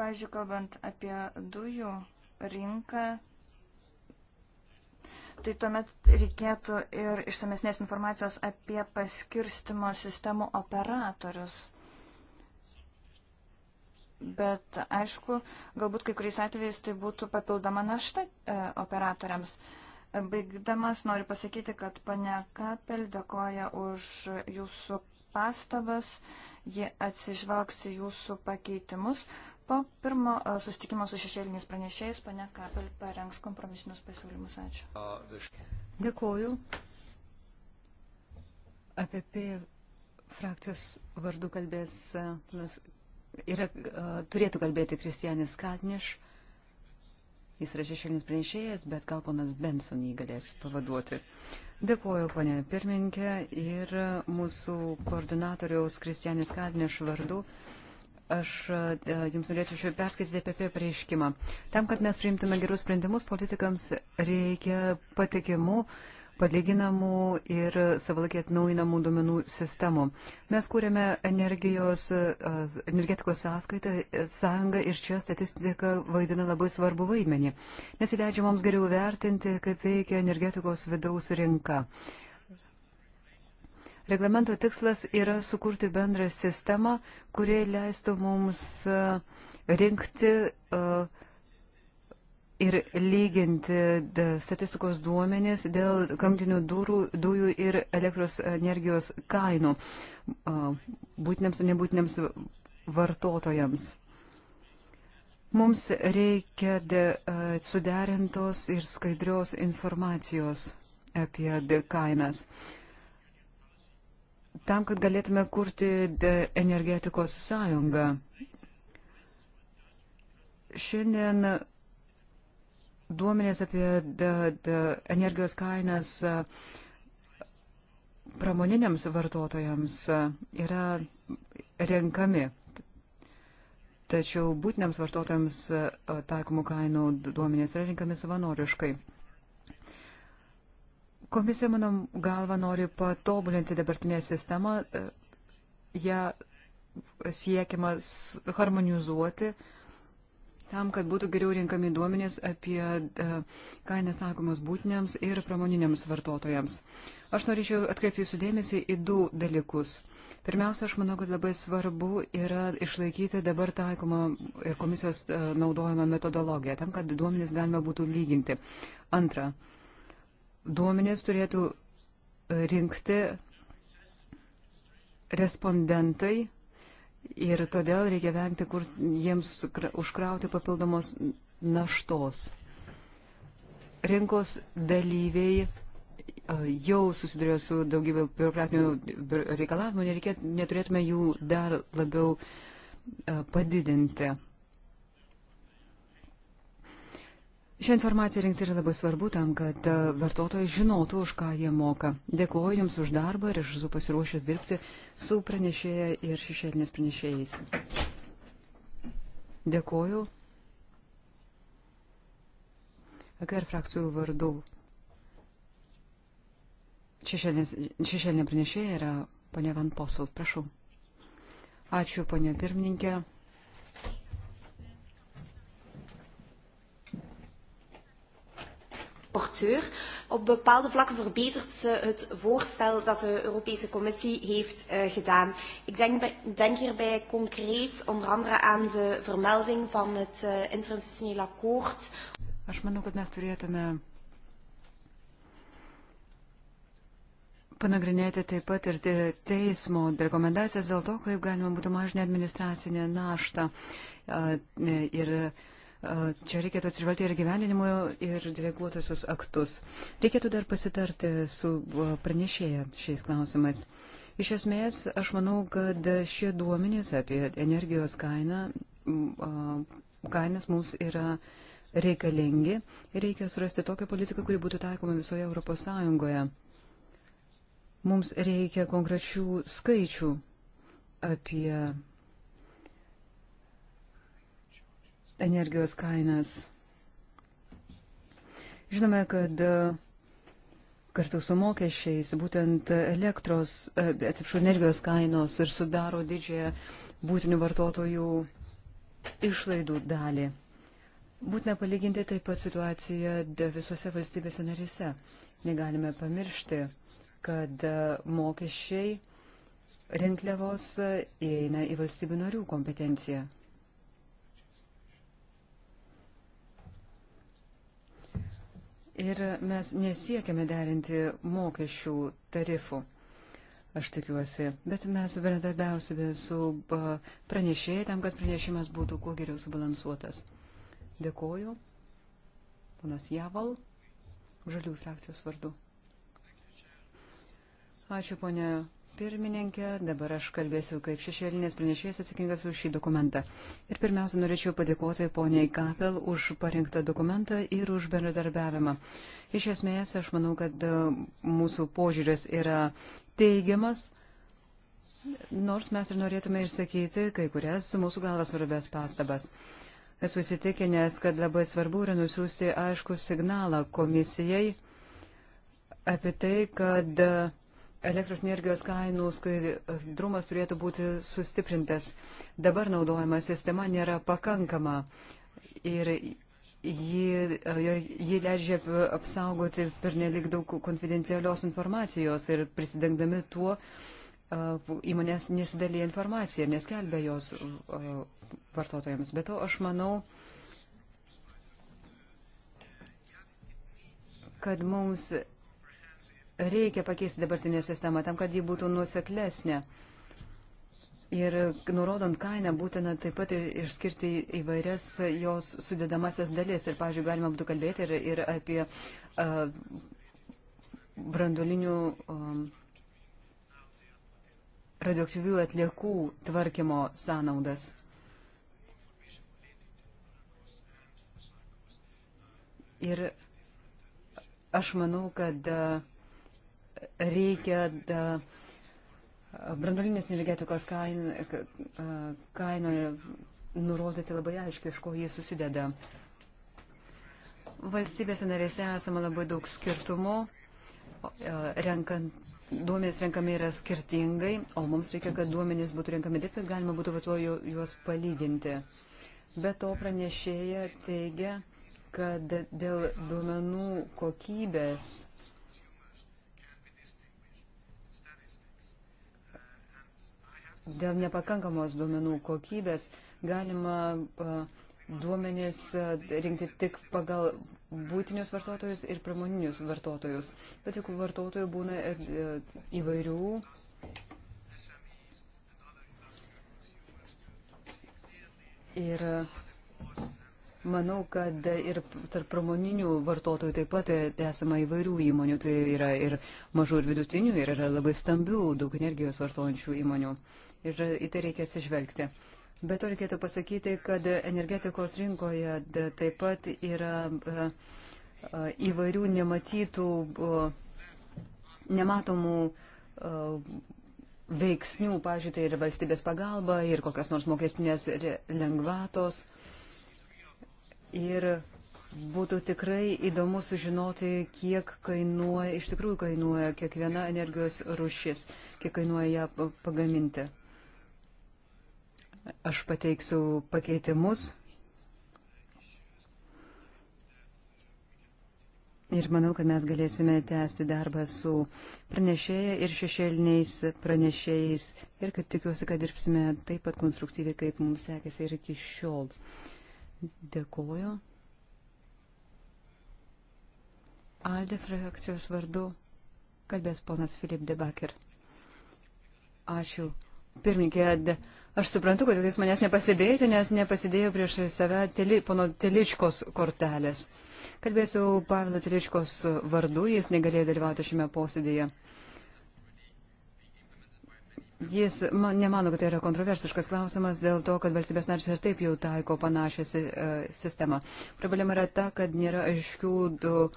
Pavyzdžiui, kalbant apie dujų rinką, tai tuomet reikėtų ir išsamesnės informacijos apie paskirstimo sistemų operatorius. Bet aišku, galbūt kai kuriais atvejais tai būtų papildoma našta e, operatoriams. Baigdamas noriu pasakyti, kad pane Kapel dėkoja už jūsų pastabas, ji atsižvelgs į jūsų pakeitimus. Po pirmo e, sustikimo su šešėliniais pranešėjais, pane Kapel parengs kompromisinius pasiūlymus. Ačiū. Dėkuoju. APP frakcijos vardu kalbės, e, yra, e, turėtų kalbėti Kristianis Katniš. Jis yra šešėlinis pranešėjas, bet gal ponas Benson jį galės pavaduoti. Dėkuoju, ponė pirmininkė, ir mūsų koordinatoriaus Kristianis Kadneš vardu. Aš e, jums norėčiau šiuo perskaityti apie tai pareiškimą. Tam, kad mes priimtume gerus sprendimus, politikams reikia patikimų, palyginamų ir savalaikiai atnaujinamų duomenų sistemų. Mes kūrėme energijos, e, energetikos sąskaitą, e, sąjungą ir čia statistika vaidina labai svarbu vaidmenį, nes įleidžia mums geriau vertinti, kaip veikia energetikos vidaus rinka. Reglamento tikslas yra sukurti bendrą sistemą, kurie leistų mums e, rinkti e, ir lyginti statistikos duomenės dėl gamtinių durų, dujų ir elektros energijos kainų e, būtiniams ir nebūtiniams vartotojams. Mums reikia de, suderintos ir skaidrios informacijos apie kainas tam, kad galėtume kurti energetikos sąjungą. Šiandien duomenės apie de, de energijos kainas pramoniniams vartotojams yra renkami. Tačiau būtiniams vartotojams taikomų kainų duomenės yra renkami savanoriškai. Komisija, mano galva, nori patobulinti dabartinę sistemą. Ja siekiama harmonizuoti tam, kad būtų geriau rinkami duomenys apie e, kainas taikomus būtiniams ir pramoniniams vartotojams. Aš norėčiau atkreipti jūsų dėmesį į du dalykus. Pirmiausia, aš manau, kad labai svarbu yra išlaikyti dabar taikomą ir komisijos e, naudojamą metodologiją, tam, kad duomenys galima būtų lyginti. Antra, duomenės turėtų e, rinkti respondentai ir todėl reikia vengti, kur jiems užkrauti papildomos naštos. Rinkos dalyviai e, jau susidurėjo su daugybė biurokratinių reikalavimų, neturėtume jų dar labiau e, padidinti. Šią informaciją rinkti yra labai svarbu tam, kad e, vartotojai žinotų, už ką jie moka. Dėkuoju Jums už darbą ir aš esu pasiruošęs dirbti su pranešėja ir šešėlinės pranešėjais. Dėkuoju. AKR frakcijų vardu. Šešėlinė pranešėja yra ponia Van Posov. Prašau. Ačiū, ponia pirmininkė. rapporteur. Op bepaalde vlakken verbetert ze het voorstel dat de Europese Commissie heeft uh, gedaan. Ik denk, denk hierbij concreet onder andere aan de vermelding van het uh, eh, interinstitutioneel akkoord. Aš manau, kad mes turėtume panagrinėti taip pat ir teismo rekomendacijas dėl to, kaip galima būtų mažinti administracinę naštą ir Čia reikėtų atsižvelgti ir gyvendinimo, ir deleguotusius aktus. Reikėtų dar pasitarti su pranešėja šiais klausimais. Iš esmės, aš manau, kad šie duomenys apie energijos kainą, kainas mums yra reikalingi ir reikia surasti tokią politiką, kuri būtų taikoma visoje Europos Sąjungoje. Mums reikia konkrečių skaičių apie energijos kainas. Žinome, kad e, kartu su mokesčiais būtent elektros, e, atsiprašau, energijos kainos ir sudaro didžiąją būtinių vartotojų išlaidų dalį. Būtina palyginti taip pat situaciją visose valstybėse narise. Negalime pamiršti, kad e, mokesčiai rinkliavos įeina į valstybių narių kompetenciją. Ir mes nesiekime derinti mokesčių tarifų, aš tikiuosi, bet mes bendradarbiausime su pranešėjai tam, kad pranešimas būtų kuo geriau subalansuotas. Dėkoju, ponas Javal, žalių frakcijos vardu. Ačiū, ponė pirmininkė, dabar aš kalbėsiu kaip šešėlinės pranešėjas atsakingas už šį dokumentą. Ir pirmiausia, norėčiau padėkoti poniai Kapel už parengtą dokumentą ir už bendradarbiavimą. Iš esmės, aš manau, kad e, mūsų požiūris yra teigiamas, nors mes ir norėtume išsakyti kai kurias mūsų galvas svarbės pastabas. Esu įsitikinęs, kad labai svarbu yra nusiųsti aišku signalą komisijai apie tai, kad elektros energijos kainų skaidrumas turėtų būti sustiprintas. Dabar naudojama sistema nėra pakankama ir ji, ji leidžia apsaugoti per nelik daug konfidencialios informacijos ir prisidengdami tuo įmonės nesidalė informaciją, neskelbė jos vartotojams. Bet to aš manau, kad mums reikia pakeisti dabartinę sistemą tam, kad ji būtų nuseklesnė. Ir nurodant kainą, būtina taip pat išskirti įvairias jos sudėdamasias dalis. Ir, pavyzdžiui, galima būtų kalbėti ir, ir apie uh, brandolinių um, radioaktyvių atliekų tvarkymo sąnaudas. Ir aš manau, kad uh, reikia da, branduolinės energetikos kainoje kaino, nurodyti labai aiškiai, iš ko jie susideda. Valstybės narėse esame labai daug skirtumų, e, renkant, duomenys renkami yra skirtingai, o mums reikia, kad duomenys būtų renkami taip, kad galima būtų tuo juos palyginti. Be to pranešėja teigia, kad dėl duomenų kokybės dėl nepakankamos duomenų kokybės galima duomenys rinkti tik pagal būtinius vartotojus ir pramoninius vartotojus. Bet juk vartotojų būna e, e, įvairių. Ir manau, kad ir tarp pramoninių vartotojų taip pat e, esama įvairių įmonių. Tai yra ir mažų ir vidutinių, ir yra labai stambių, daug energijos vartojančių įmonių. Uh, ir į tai reikia atsižvelgti. Bet to reikėtų pasakyti, kad energetikos rinkoje taip pat yra e, e, įvairių nematytų, e, nematomų veiksnių, pažiūrėjau, tai ir valstybės pagalba, ir kokios nors mokestinės lengvatos. Ir būtų tikrai įdomu sužinoti, kiek kainuoja, iš tikrųjų kainuoja kiekviena energijos rušis, kiek kainuoja ją pagaminti. Aš pateiksiu pakeitimus. Ir manau, kad mes galėsime tęsti darbą su pranešėja ir šešėliniais pranešėjais. Ir kad tikiuosi, kad dirbsime taip pat konstruktyviai, kaip mums sekėsi ir iki šiol. Dėkoju. Alde frakcijos vardu kalbės ponas Filip Debaker. Ačiū. Pirmininkė, Aš suprantu, kad jūs manęs nepastebėjote, nes nepasidėjau prieš save teli, pono Teličkos kortelės. Kalbėsiu Pavilo Teličkos vardu, jis negalėjo dalyvauti šiame posėdėje. Jis man, nemano, kad tai yra kontroversiškas klausimas dėl to, kad valstybės narys ir taip jau taiko panašią si, uh, sistemą. Problema yra ta, kad nėra aiškių uh,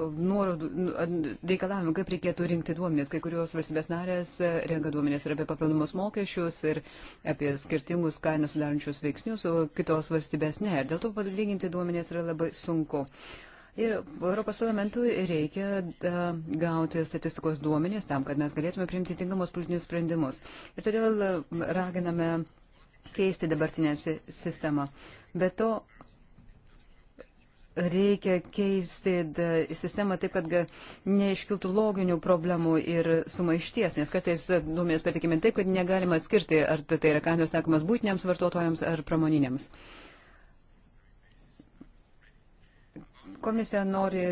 nuorodų, nu, reikalavimų, kaip reikėtų rinkti duomenės. Kai kurios valstybės narės e, renka duomenės ir apie papildomus mokesčius, ir apie skirtingus kainą sudarančius veiksnius, o kitos valstybės ne. Ir dėl to palyginti duomenės yra labai sunku. Ir Europos parlamentui reikia da, e, gauti statistikos duomenys tam, kad mes galėtume priimti tinkamus politinius sprendimus. Ir todėl e, raginame keisti dabartinę sistemą. Be to, reikia keisti sistemą taip, kad neiškiltų loginių problemų ir sumaišties, nes kartais duomenės patikimi taip, kad negalima atskirti, ar tai, tai yra kainos taikomas būtiniams vartotojams ar pramoniniams. Komisija nori,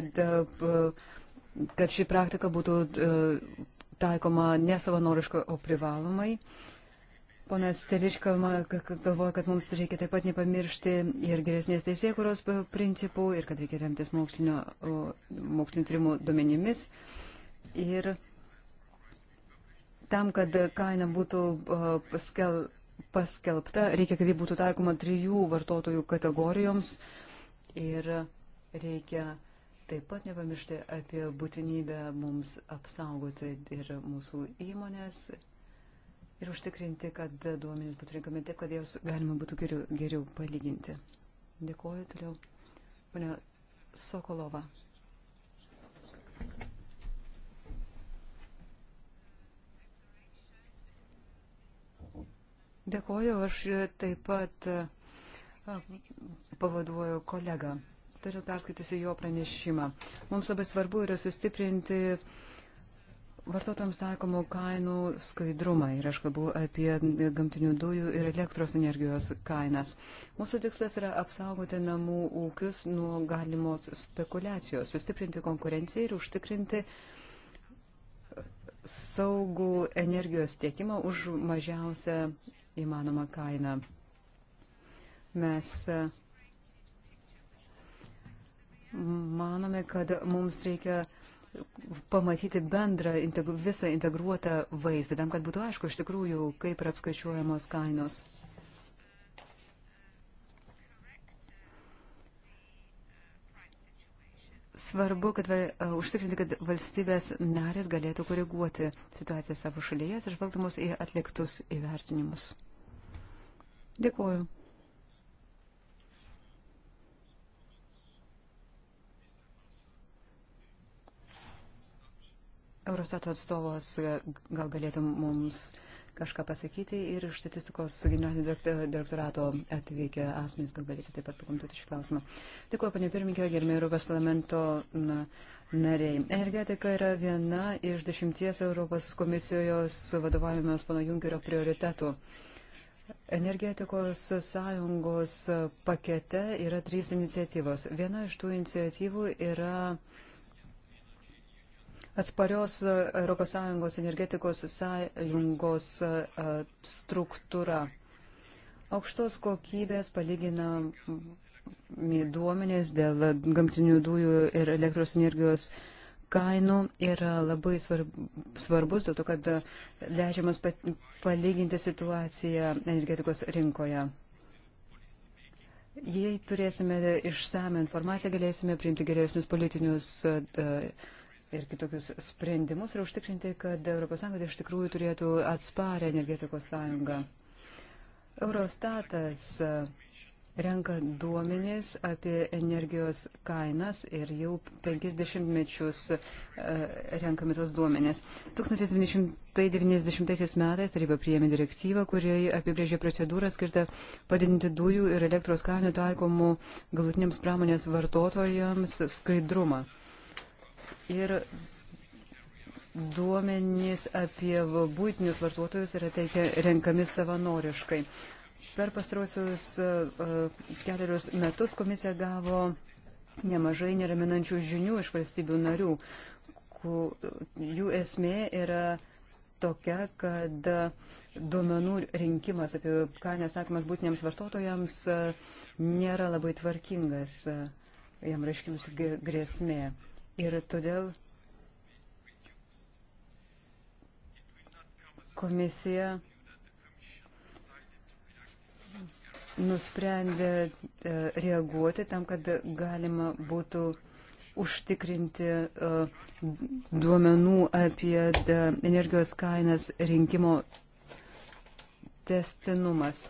kad ši praktika būtų taikoma ne savanoriškai, o privalomai. Ponas Teliška galvoja, kad mums reikia taip pat nepamiršti ir geresnės teisėkuros principų, ir kad reikia remtis mokslinio, mokslinio tyrimų duomenimis. Ir tam, kad kaina būtų paskel, paskelbta, reikia, kad ji būtų taikoma trijų vartotojų kategorijoms. Ir reikia taip pat nepamiršti apie būtinybę mums apsaugoti ir mūsų įmonės, ir užtikrinti, kad duomenys būtų renkami taip, kad jos galima būtų geriau, geriau palyginti. Dėkuoju toliau. Pane Sokolova. Dėkuoju, aš taip pat pavaduoju kolegą. Todėl perskaitysiu jo pranešimą. Mums labai svarbu yra sustiprinti uh, vartotojams taikomų kainų skaidrumą ir aš kalbu apie gamtinių dujų ir elektros energijos kainas. Mūsų tikslas yra apsaugoti namų ūkius nuo galimos spekulacijos, sustiprinti konkurenciją ir užtikrinti saugų energijos tiekimą už mažiausią įmanomą kainą. Mes e, manome, kad mums reikia pamatyti bendrą, integru, visą integruotą vaizdą, tam, kad būtų aišku iš tikrųjų, kaip yra apskaičiuojamos kainos. Svarbu, kad va, užtikrinti, kad valstybės narės galėtų koreguoti situaciją savo šalyje, atsižvelgdamos į atliktus įvertinimus. Dėkuoju. Eurostato atstovas e, gal galėtų mums kažką pasakyti ir iš statistikos generalinio direktorato atvykę asmenys gal galėtų taip pat pakomentuoti šį klausimą. Dėkuoju, panė pirmininkė, gerbėjai Europos parlamento na, nariai. Energetika yra viena iš dešimties Europos komisijos vadovavimas pana Junkerio prioritetų. Energetikos sąjungos pakete yra trys iniciatyvos. Viena iš tų iniciatyvų yra uh, atsparios e, ES energetikos sąjungos e, struktūra. Aukštos kokybės palyginami duomenės dėl gamtinių dujų ir elektros energijos kainų yra labai svarb, svarbus, dėl to, kad leidžiamas palyginti situaciją energetikos rinkoje. Jei turėsime išsame informaciją, galėsime priimti geresnius politinius. Uh, ir kitokius sprendimus ir užtikrinti, kad ES iš tikrųjų turėtų atsparę energetikos sąjungą. Eurostatas e, renka duomenys apie energijos kainas ir jau 50 mečius e, renkame tos duomenys. 1990 metais taryba priėmė direktyvą, kurioje apibrėžė procedūrą skirtą padidinti dujų ir elektros kainų taikomų galutiniams pramonės vartotojams skaidrumą ir duomenys apie būtinius vartotojus yra teikia, renkami savanoriškai. Per pastarosius e, e, keliarius metus komisija gavo nemažai neraminančių žinių iš valstybių narių. Jų esmė yra tokia, kad duomenų rinkimas apie kainas sakymas būtiniams vartotojams e, nėra labai tvarkingas, jam reiškilusi grėsmė. Ir todėl komisija nusprendė e, reaguoti tam, kad galima būtų užtikrinti e, duomenų apie e, energijos kainas rinkimo testinumas.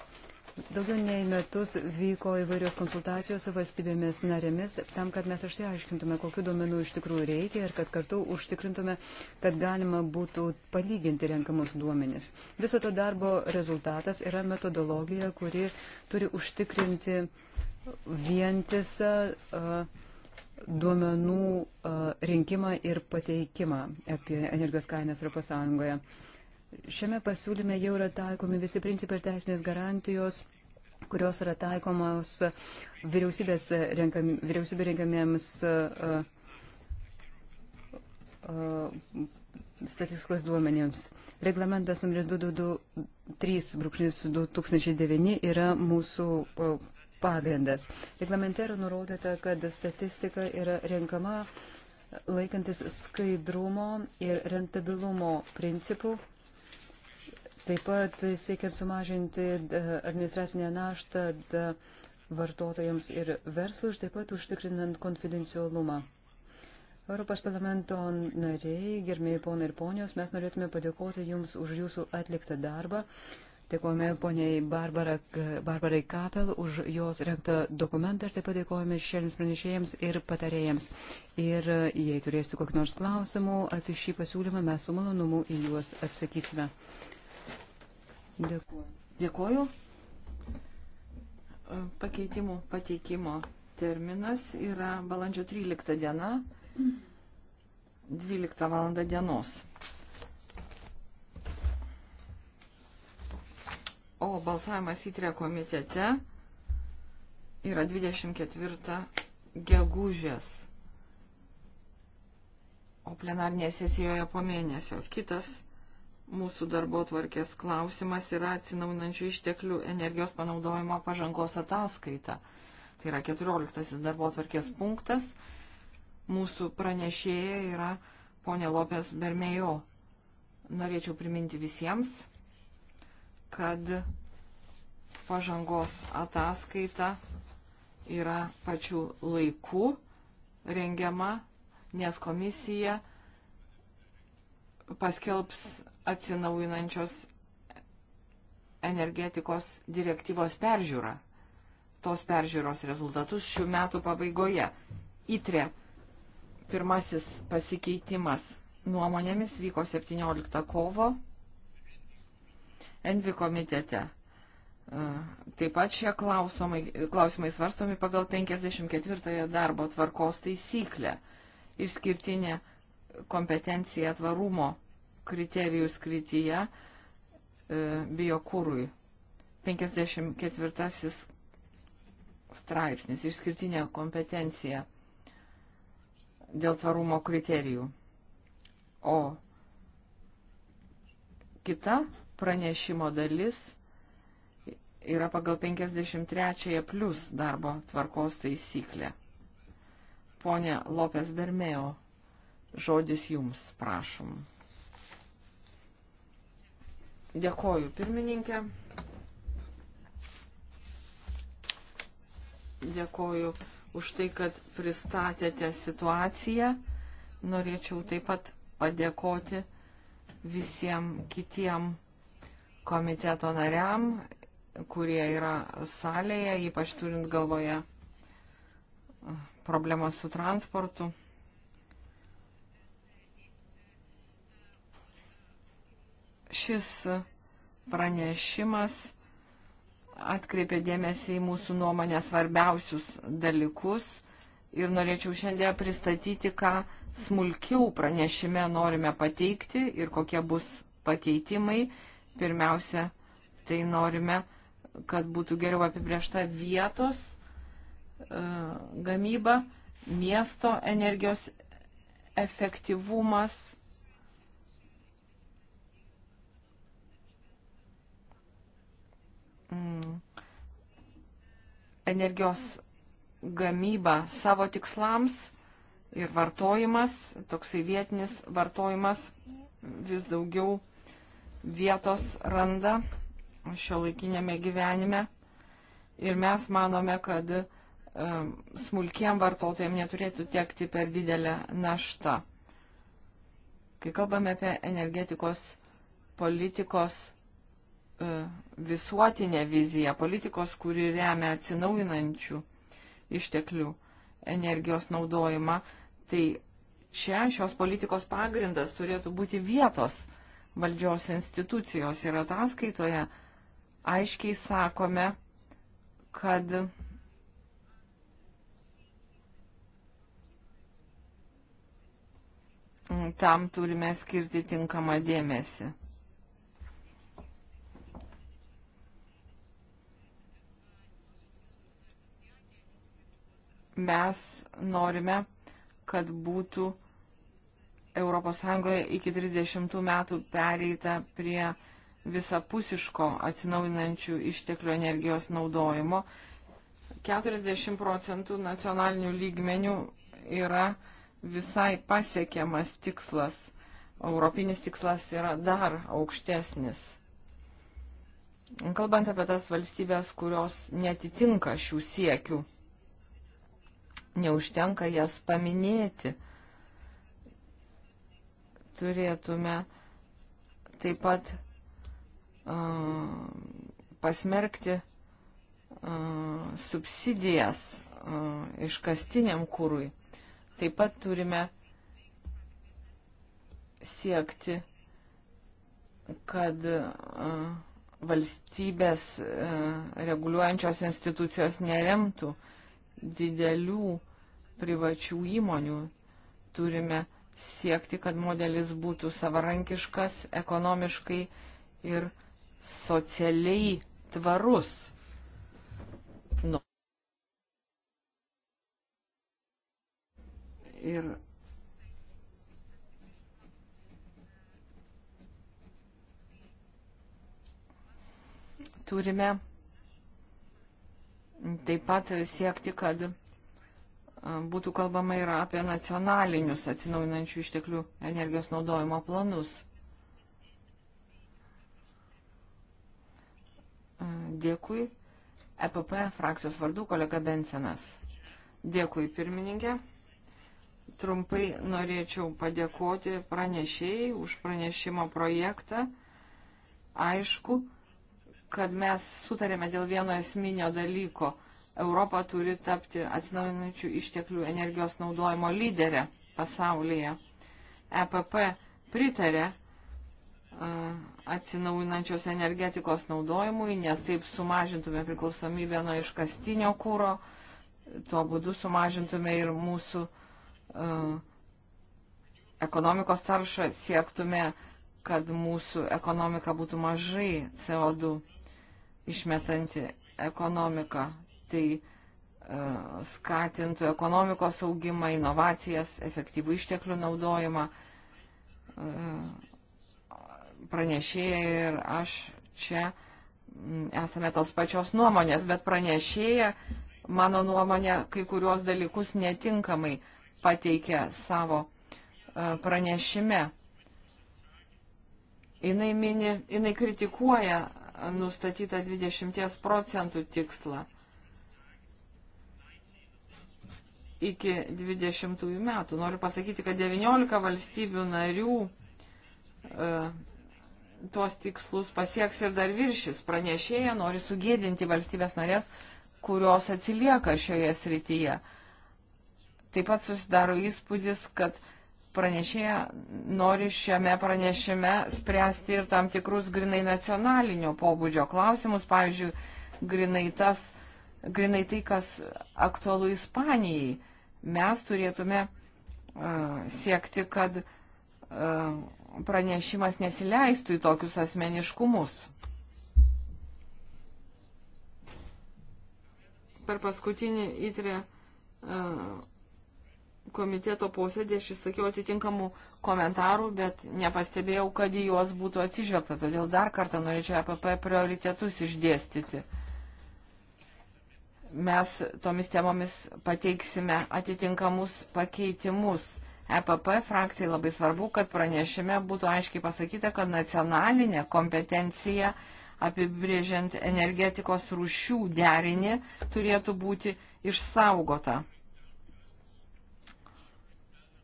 Daugiau nei metus vyko įvairios konsultacijos su valstybėmis narėmis tam, kad mes išsiaiškintume, kokiu duomenų iš tikrųjų reikia ir kad kartu užtikrintume, kad galima būtų palyginti renkamus duomenis. Viso to darbo rezultatas yra metodologija, kuri turi užtikrinti vientisą duomenų rinkimą ir pateikimą apie energijos kainas Europos Sąjungoje. Šiame pasiūlyme jau yra taikomi visi principai ir teisinės garantijos kurios yra taikomos vyriausybės renkam, vyriausybė renkamiems uh, uh, statistikos duomenėms. Reglamentas numeris 223-2009 yra mūsų uh, pagrindas. Reglamente yra nurodyta, kad statistika yra renkama laikantis skaidrumo ir rentabilumo principų Taip pat siekiant sumažinti e, administracinę naštą vartotojams ir verslui, taip pat užtikrinant konfidencialumą. Europos parlamento nariai, gerbėjai ponai ir ponios, mes norėtume padėkoti Jums už Jūsų atliktą darbą. Dėkojame poniai Barbara, e, Barbarai Kapel už jos renktą dokumentą ir taip pat dėkojame šešėlėms pranešėjams ir patarėjams. Ir e, jei turėsite kokį nors klausimų apie šį pasiūlymą, mes su malonumu į juos atsakysime. Dėkuoju. Dėkuoju. E, pakeitimų pateikimo terminas yra balandžio 13 diena, 12 val. dienos. O balsavimas įtrė komitete yra 24 gegužės. O plenarnėje sesijoje po mėnesio. Kitas mūsų darbo tvarkės klausimas yra atsinaujinančių išteklių energijos panaudojimo pažangos ataskaita. Tai yra 14 darbo tvarkės punktas. Mūsų pranešėja yra ponė Lopės Bermejo. Norėčiau priminti visiems, kad pažangos ataskaita yra pačių laikų rengiama, nes komisija paskelbs atsinaujinančios energetikos direktyvos peržiūrą. Tos peržiūros rezultatus šių metų pabaigoje. ITRE pirmasis pasikeitimas nuomonėmis vyko 17 kovo Envi komitete. E, taip pat šie klausimai, klausimai svarstomi pagal 54 darbo tvarkos taisyklę. Išskirtinė kompetencija tvarumo kriterijų skrytyje e, biokūrui. 54 straipsnis, išskirtinė kompetencija dėl tvarumo kriterijų. O kita pranešimo dalis yra pagal 53 plus darbo tvarkos taisyklę. Pone Lopes Bermėjo, žodis jums, prašom. Dėkoju pirmininkė. Dėkoju už tai, kad pristatėte situaciją. Norėčiau taip pat padėkoti visiems kitiem komiteto nariam, kurie yra salėje, ypač turint galvoje problemas su transportu. Šis pranešimas atkreipė dėmesį į mūsų nuomonę svarbiausius dalykus ir norėčiau šiandien pristatyti, ką smulkiau pranešime norime pateikti ir kokie bus pakeitimai. Pirmiausia, tai norime, kad būtų geriau apibriešta vietos e, gamyba, miesto energijos efektyvumas mm, energijos gamyba savo tikslams ir vartojimas, toksai vietinis vartojimas vis daugiau vietos randa šio laikinėme gyvenime. Ir mes manome, kad um, smulkiem vartotojams neturėtų tekti per didelę naštą. Kai kalbame apie energetikos politikos E, visuotinę viziją politikos, kuri remia atsinaujinančių išteklių energijos naudojimą, tai čia šios politikos pagrindas turėtų būti vietos valdžios institucijos ir ataskaitoje aiškiai sakome, kad tam turime skirti tinkamą dėmesį. mes norime, kad būtų ES iki 30 metų pereita prie visapusiško atsinaujinančių išteklių energijos naudojimo. 40 procentų nacionalinių lygmenių yra visai pasiekiamas tikslas. Europinis tikslas yra dar aukštesnis. Kalbant apie tas valstybės, kurios netitinka šių siekių, neužtenka jas paminėti. Turėtume taip pat uh, pasmerkti uh, subsidijas uh, iškastiniam kūrui. Taip pat turime siekti, kad uh, valstybės uh, reguliuojančios institucijos neremtų uh, didelių privačių įmonių. Turime siekti, kad modelis būtų savarankiškas, ekonomiškai ir socialiai tvarus. Nu. Ir turime Taip pat siekti, kad būtų kalbama ir apie nacionalinius atsinaujinančių išteklių energijos naudojimo planus. Dėkui. EPP frakcijos vardu kolega Bensenas. Dėkui, pirmininkė. Trumpai norėčiau padėkoti pranešėjai už pranešimo projektą. Aišku, kad mes sutarėme dėl vieno esminio dalyko. Europa turi tapti atsinaujinančių išteklių energijos naudojimo lyderę pasaulyje. EPP pritarė atsinaujinančios energetikos naudojimui, nes taip sumažintume priklausomybę nuo iškastinio kūro, tuo būdu sumažintume ir mūsų uh, ekonomikos taršą, siektume, kad mūsų ekonomika būtų mažai CO2 išmetanti ekonomika. Tai e, skatintų ekonomikos augimą, inovacijas, efektyvų išteklių naudojimą. E, pranešėja ir aš čia esame tos pačios nuomonės, bet pranešėja, mano nuomonė, kai kuriuos dalykus netinkamai pateikė savo e, pranešime. Jis mini, jinai kritikuoja nustatytą 20 procentų tikslą iki 20 metų. Noriu pasakyti, kad 19 valstybių narių e, tuos tikslus pasieks ir dar viršis. Pranešėja nori sugėdinti valstybės narės, kurios atsilieka šioje srityje. Taip pat susidaro įspūdis, kad pranešėja nori šiame pranešime spręsti ir tam tikrus grinai nacionalinio pobūdžio klausimus, pavyzdžiui, grinai, tas, grinai tai, kas aktualu Ispanijai. Mes turėtume uh, siekti, kad uh, pranešimas nesileistų į tokius asmeniškumus. Per paskutinį įtrę uh, komiteto posėdė aš išsakiau atitinkamų komentarų, bet nepastebėjau, kad į juos būtų atsižvelgta. Todėl dar kartą norėčiau APP e prioritetus išdėstyti. Mes tomis temomis pateiksime atitinkamus pakeitimus. EPP frakcijai labai svarbu, kad pranešime būtų aiškiai pasakyta, kad nacionalinė kompetencija apibrėžiant energetikos rūšių derinį turėtų būti išsaugota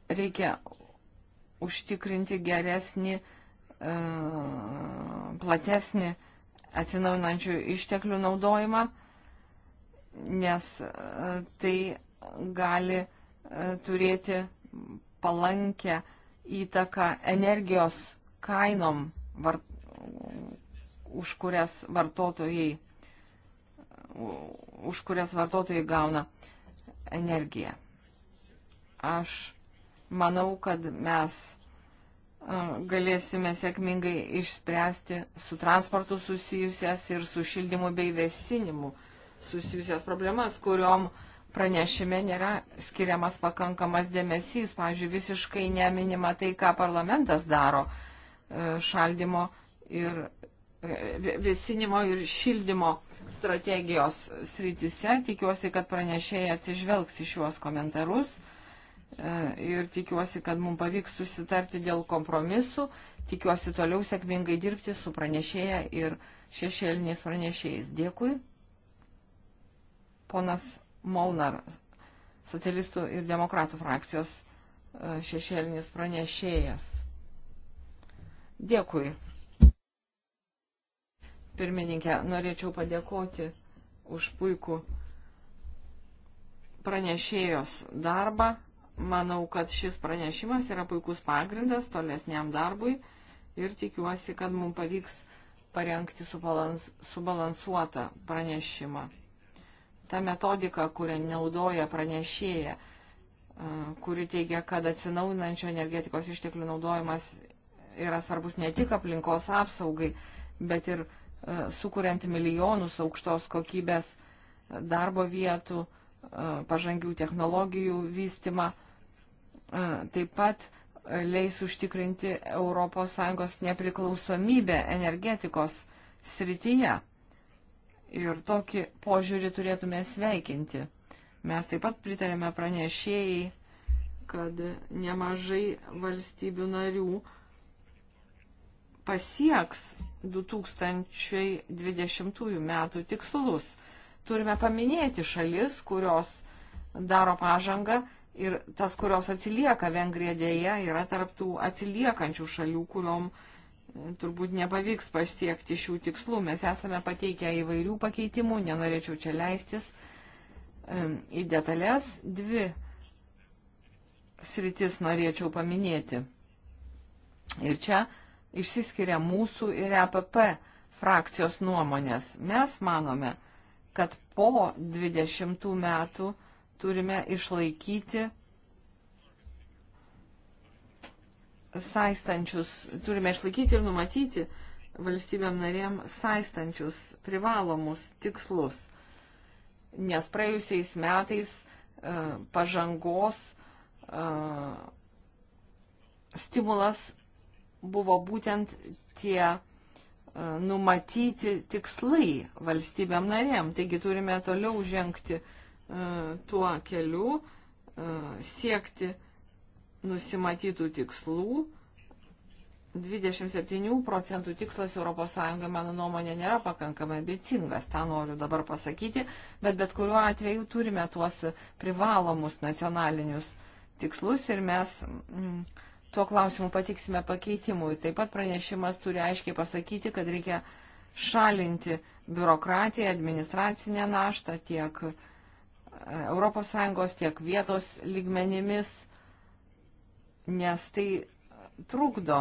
reikia užtikrinti geresnį, e, platesnį atsinaujinančių išteklių naudojimą, nes e, tai gali e, turėti palankę įtaką energijos kainom, var, už, kurias vartotojai, už kurias vartotojai gauna energiją. Aš manau, kad mes e, galėsime sėkmingai išspręsti su transportu susijusias ir su šildymu bei vėsinimu susijusias problemas, kuriuom pranešime nėra skiriamas pakankamas dėmesys. Pavyzdžiui, visiškai neminima tai, ką parlamentas daro e, šaldymo ir e, vėsinimo ir šildymo strategijos srityse. Tikiuosi, kad pranešėjai atsižvelgs į šiuos komentarus. E, ir tikiuosi, kad mums pavyks susitarti dėl kompromisų. Tikiuosi toliau sėkmingai dirbti su pranešėja ir šešėliniais pranešėjais. Dėkui. Ponas Molnar, socialistų ir demokratų frakcijos e, šešėlinis pranešėjas. Dėkui. Pirmininkė, norėčiau padėkoti už puikų pranešėjos darbą. Manau, kad šis pranešimas yra puikus pagrindas tolesniam darbui ir tikiuosi, kad mums pavyks parengti subalans, subalansuotą pranešimą. Ta metodika, kurią naudoja pranešėja, kuri teigia, kad atsinaujinančio energetikos išteklių naudojimas yra svarbus ne tik aplinkos apsaugai, bet ir sukuriant milijonus aukštos kokybės darbo vietų, pažangių technologijų vystimą taip pat leis užtikrinti ES nepriklausomybę energetikos srityje. Ir tokį požiūrį turėtume sveikinti. Mes taip pat pritarėme pranešėjai, kad nemažai valstybių narių pasieks 2020 metų tikslus. Turime paminėti šalis, kurios daro pažangą ir tas, kurios atsilieka, Vengrija dėja yra tarptų atsiliekančių šalių, kuriuom e, turbūt nepavyks pasiekti šių tikslų. Mes esame pateikę įvairių pakeitimų, nenorėčiau čia leistis į detalės. Dvi sritis norėčiau paminėti. Ir čia išsiskiria mūsų ir EPP frakcijos nuomonės. Mes manome, kad po 20 metų turime išlaikyti saistančius, turime išlaikyti ir numatyti valstybėm narėm saistančius privalomus tikslus, nes praėjusiais metais e, pažangos e, stimulas buvo būtent tie e, numatyti tikslai valstybėm narėm. Taigi turime toliau žengti E, tuo keliu e, siekti nusimatytų tikslų. 27 procentų tikslas ES, mano nuomonė, nėra pakankamai ambicingas, tą noriu dabar pasakyti, bet bet kuriuo atveju turime tuos privalomus nacionalinius tikslus ir mes mm, tuo klausimu patiksime pakeitimui. Taip pat pranešimas turi aiškiai pasakyti, kad reikia šalinti biurokratiją, administracinę naštą tiek uh, ES, tiek vietos lygmenimis, nes tai trukdo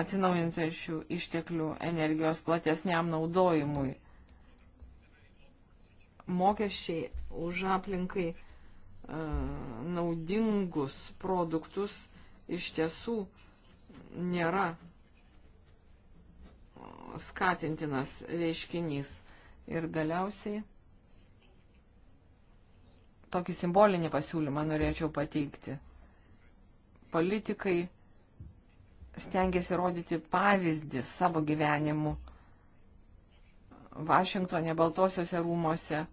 atsinaujinti šių išteklių energijos platesniam naudojimui. Mokesčiai už aplinkai e, naudingus produktus iš tiesų nėra e, skatintinas reiškinys. Ir galiausiai tokį simbolinį pasiūlymą norėčiau pateikti. Politikai stengiasi rodyti pavyzdį savo gyvenimu Vašingtonė, Baltosiuose rūmose.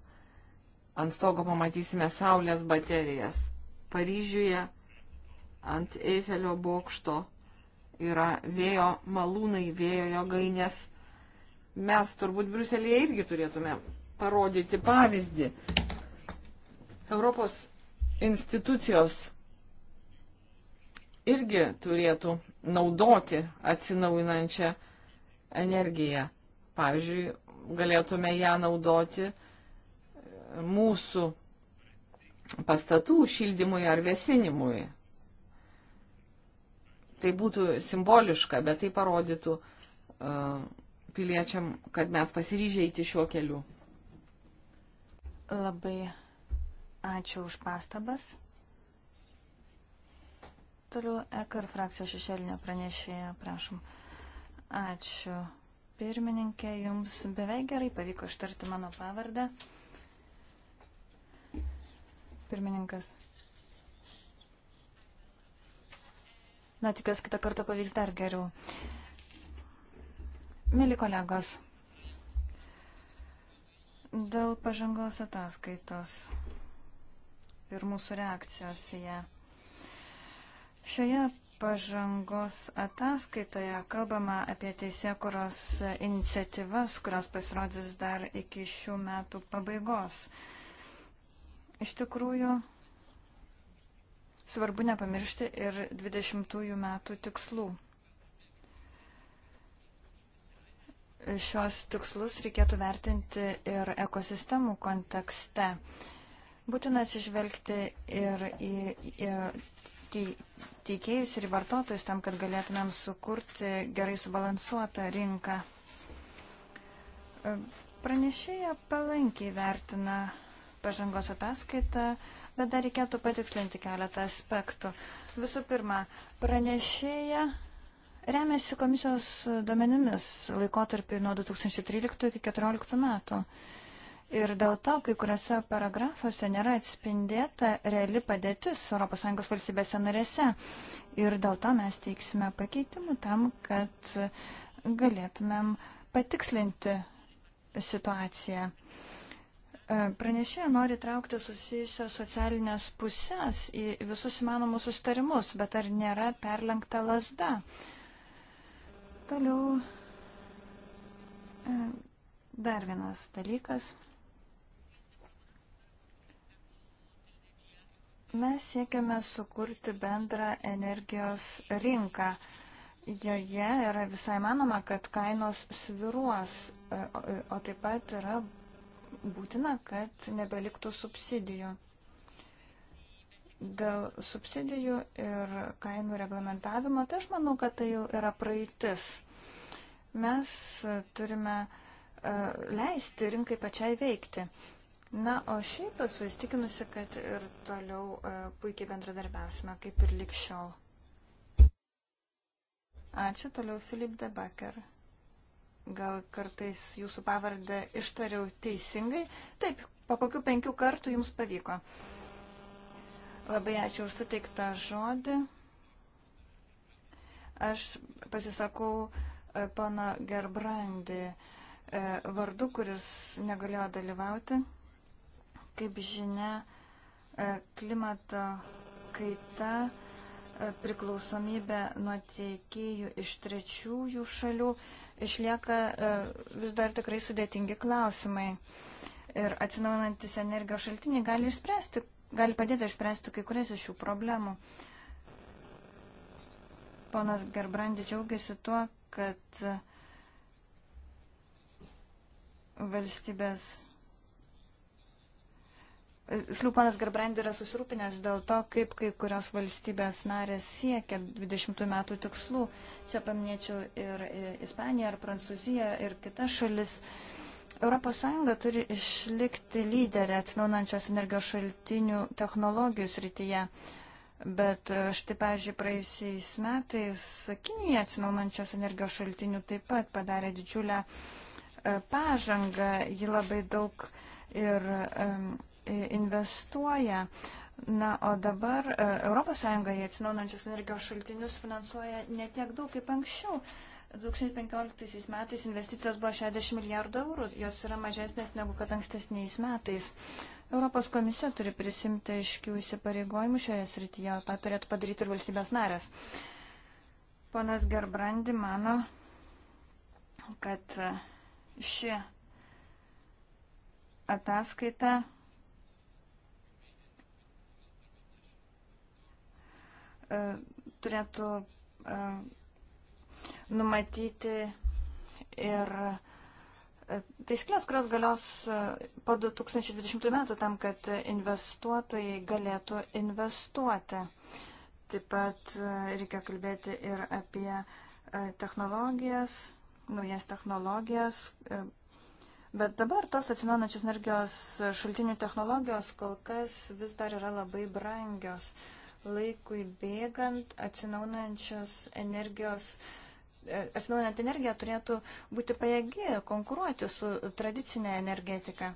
Ant stogo pamatysime saulės baterijas. Paryžiuje ant Eifelio bokšto yra vėjo malūnai, vėjo jogainės. Mes turbūt Briuselėje irgi turėtume parodyti pavyzdį Europos institucijos irgi turėtų naudoti atsinaujinančią energiją. Pavyzdžiui, galėtume ją naudoti mūsų pastatų šildymui ar vėsinimui. Tai būtų simboliška, bet tai parodytų uh, piliečiam, kad mes pasiryžę eiti šiuo keliu. Labai Ačiū už pastabas. Toliau EKR frakcijos šešėlinio pranešėjo, prašom. Ačiū. Pirmininkė, jums beveik gerai pavyko ištarti mano pavardę. Pirmininkas. Na, tikiuosi, kitą kartą pavyks dar geriau. Mili kolegos, dėl pažangos ataskaitos ir mūsų reakcijos į ją. Šioje pažangos ataskaitoje kalbama apie teisėkuros iniciatyvas, kurios pasirodys dar iki šių metų pabaigos. Iš tikrųjų, svarbu nepamiršti ir 20 metų tikslų. Šios tikslus reikėtų vertinti ir ekosistemų kontekste. Uh, Būtina atsižvelgti ir į, į teikėjus ir į vartotojus tam, kad galėtumėm sukurti gerai subalansuotą rinką. Pranešėja palankiai vertina pažangos ataskaitą, bet dar reikėtų patikslinti keletą aspektų. Visų pirma, pranešėja remiasi komisijos duomenimis laikotarpį nuo 2013 iki 2014 metų. Ir dėl to, kai kuriuose paragrafuose nėra atspindėta reali padėtis ES valstybėse narėse. Ir dėl to mes teiksime pakeitimų tam, kad galėtumėm patikslinti situaciją. E, Pranešėja nori traukti susijusios socialinės pusės į visus įmanomus sustarimus, bet ar nėra perlenkta lasda? Toliau e, dar vienas dalykas. Mes siekiame sukurti bendrą energijos rinką. Joje yra visai manoma, kad kainos sviruos, e, e, o taip pat yra būtina, kad nebeliktų subsidijų. Dėl subsidijų ir kainų reglamentavimo, tai aš manau, kad tai jau yra praeitis. Mes turime e, leisti rinkai pačiai veikti. Na, o šiaip esu įstikinusi, kad ir toliau e, puikiai bendradarbiausime, kaip ir likščiau. Ačiū toliau Filip de Becker. Gal kartais jūsų pavardę ištariau teisingai. Taip, po kokių penkių kartų jums pavyko. Labai ačiū už suteiktą žodį. Aš pasisakau e, pana Gerbrandi e, vardu, kuris negalėjo dalyvauti. Kaip žinia, e, klimato kaita, e, priklausomybė nuo tiekėjų iš trečiųjų šalių išlieka e, vis dar tikrai sudėtingi klausimai. Ir atsinaujantis energijos šaltiniai gali, išspręsti, gali padėti išspręsti kai kurias iš šių problemų. Ponas Gerbrandi džiaugiasi tuo, kad valstybės Sliupanas Garbrand yra susirūpinęs dėl to, kaip kai kurios valstybės narės siekia 20 metų tikslų. Čia paminėčiau ir e, Ispaniją, ir Prancūziją, ir kitas šalis. ES turi išlikti lyderę atsinaunančios energijos šaltinių technologijų srityje. Bet e, štai, pavyzdžiui, praėjusiais metais Kinija atsinaunančios energijos šaltinių taip pat padarė didžiulę e, pažangą. Ji labai daug ir um, investuoja. Na, o dabar ES į atsinaunančius energijos šaltinius finansuoja ne tiek daug kaip anksčiau. 2015 metais investicijos buvo 60 milijardų eurų, jos yra mažesnės negu kad ankstesniais metais. Europos komisija turi prisimti aiškių įsipareigojimų šioje srityje, o tą turėtų padaryti ir valstybės narės. Ponas Gerbrandi mano, kad ši ataskaita E, turėtų e, numatyti ir e, taisyklės, kurios galios po 2020 metų tam, kad investuotojai galėtų investuoti. Taip pat reikia kalbėti ir apie technologijas, naujas technologijas, Bet dabar tos atsinaujančios energijos šaltinių technologijos kol kas vis dar yra labai brangios laikui bėgant atsinaunančios energijos, e, atsinaunant energiją turėtų būti pajėgi konkuruoti su tradicinė energetika.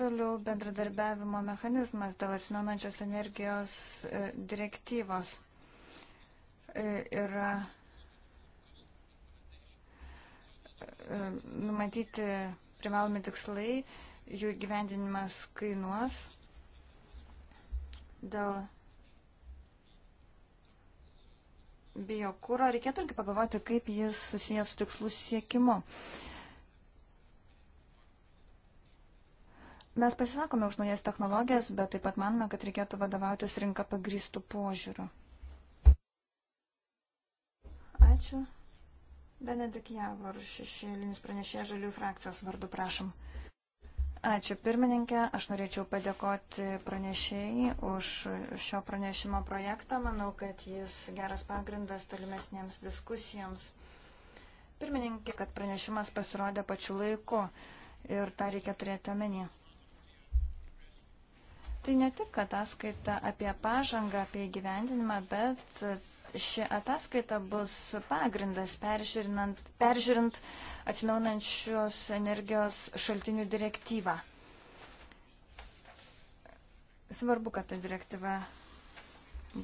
Toliau bendradarbiavimo mechanizmas dėl atsinaunančios energijos e, direktyvos e, yra numatyti privalomi tikslai, jų gyvendinimas kainuos dėl biokūro, reikėtų irgi pagalvoti, kaip jis susijęs su tikslų siekimu. Mes pasisakome už naujas technologijas, bet taip pat manome, kad reikėtų vadovautis rinka pagrįstų požiūrių. Ačiū. Benedik Javor, šešėlinis pranešė žalių frakcijos vardu, prašom. Ačiū pirmininkė, aš norėčiau padėkoti pranešėjai už šio pranešimo projektą. Manau, kad jis geras pagrindas tolimesniems diskusijoms. Pirmininkė, kad pranešimas pasirodė pačiu laiku ir tą reikia turėti omeny. Tai ne tik ataskaita apie pažangą, apie įgyvendinimą, bet ši ataskaita bus pagrindas peržiūrint, peržiūrint atsinaunančios energijos šaltinių direktyvą. Svarbu, kad ta direktyva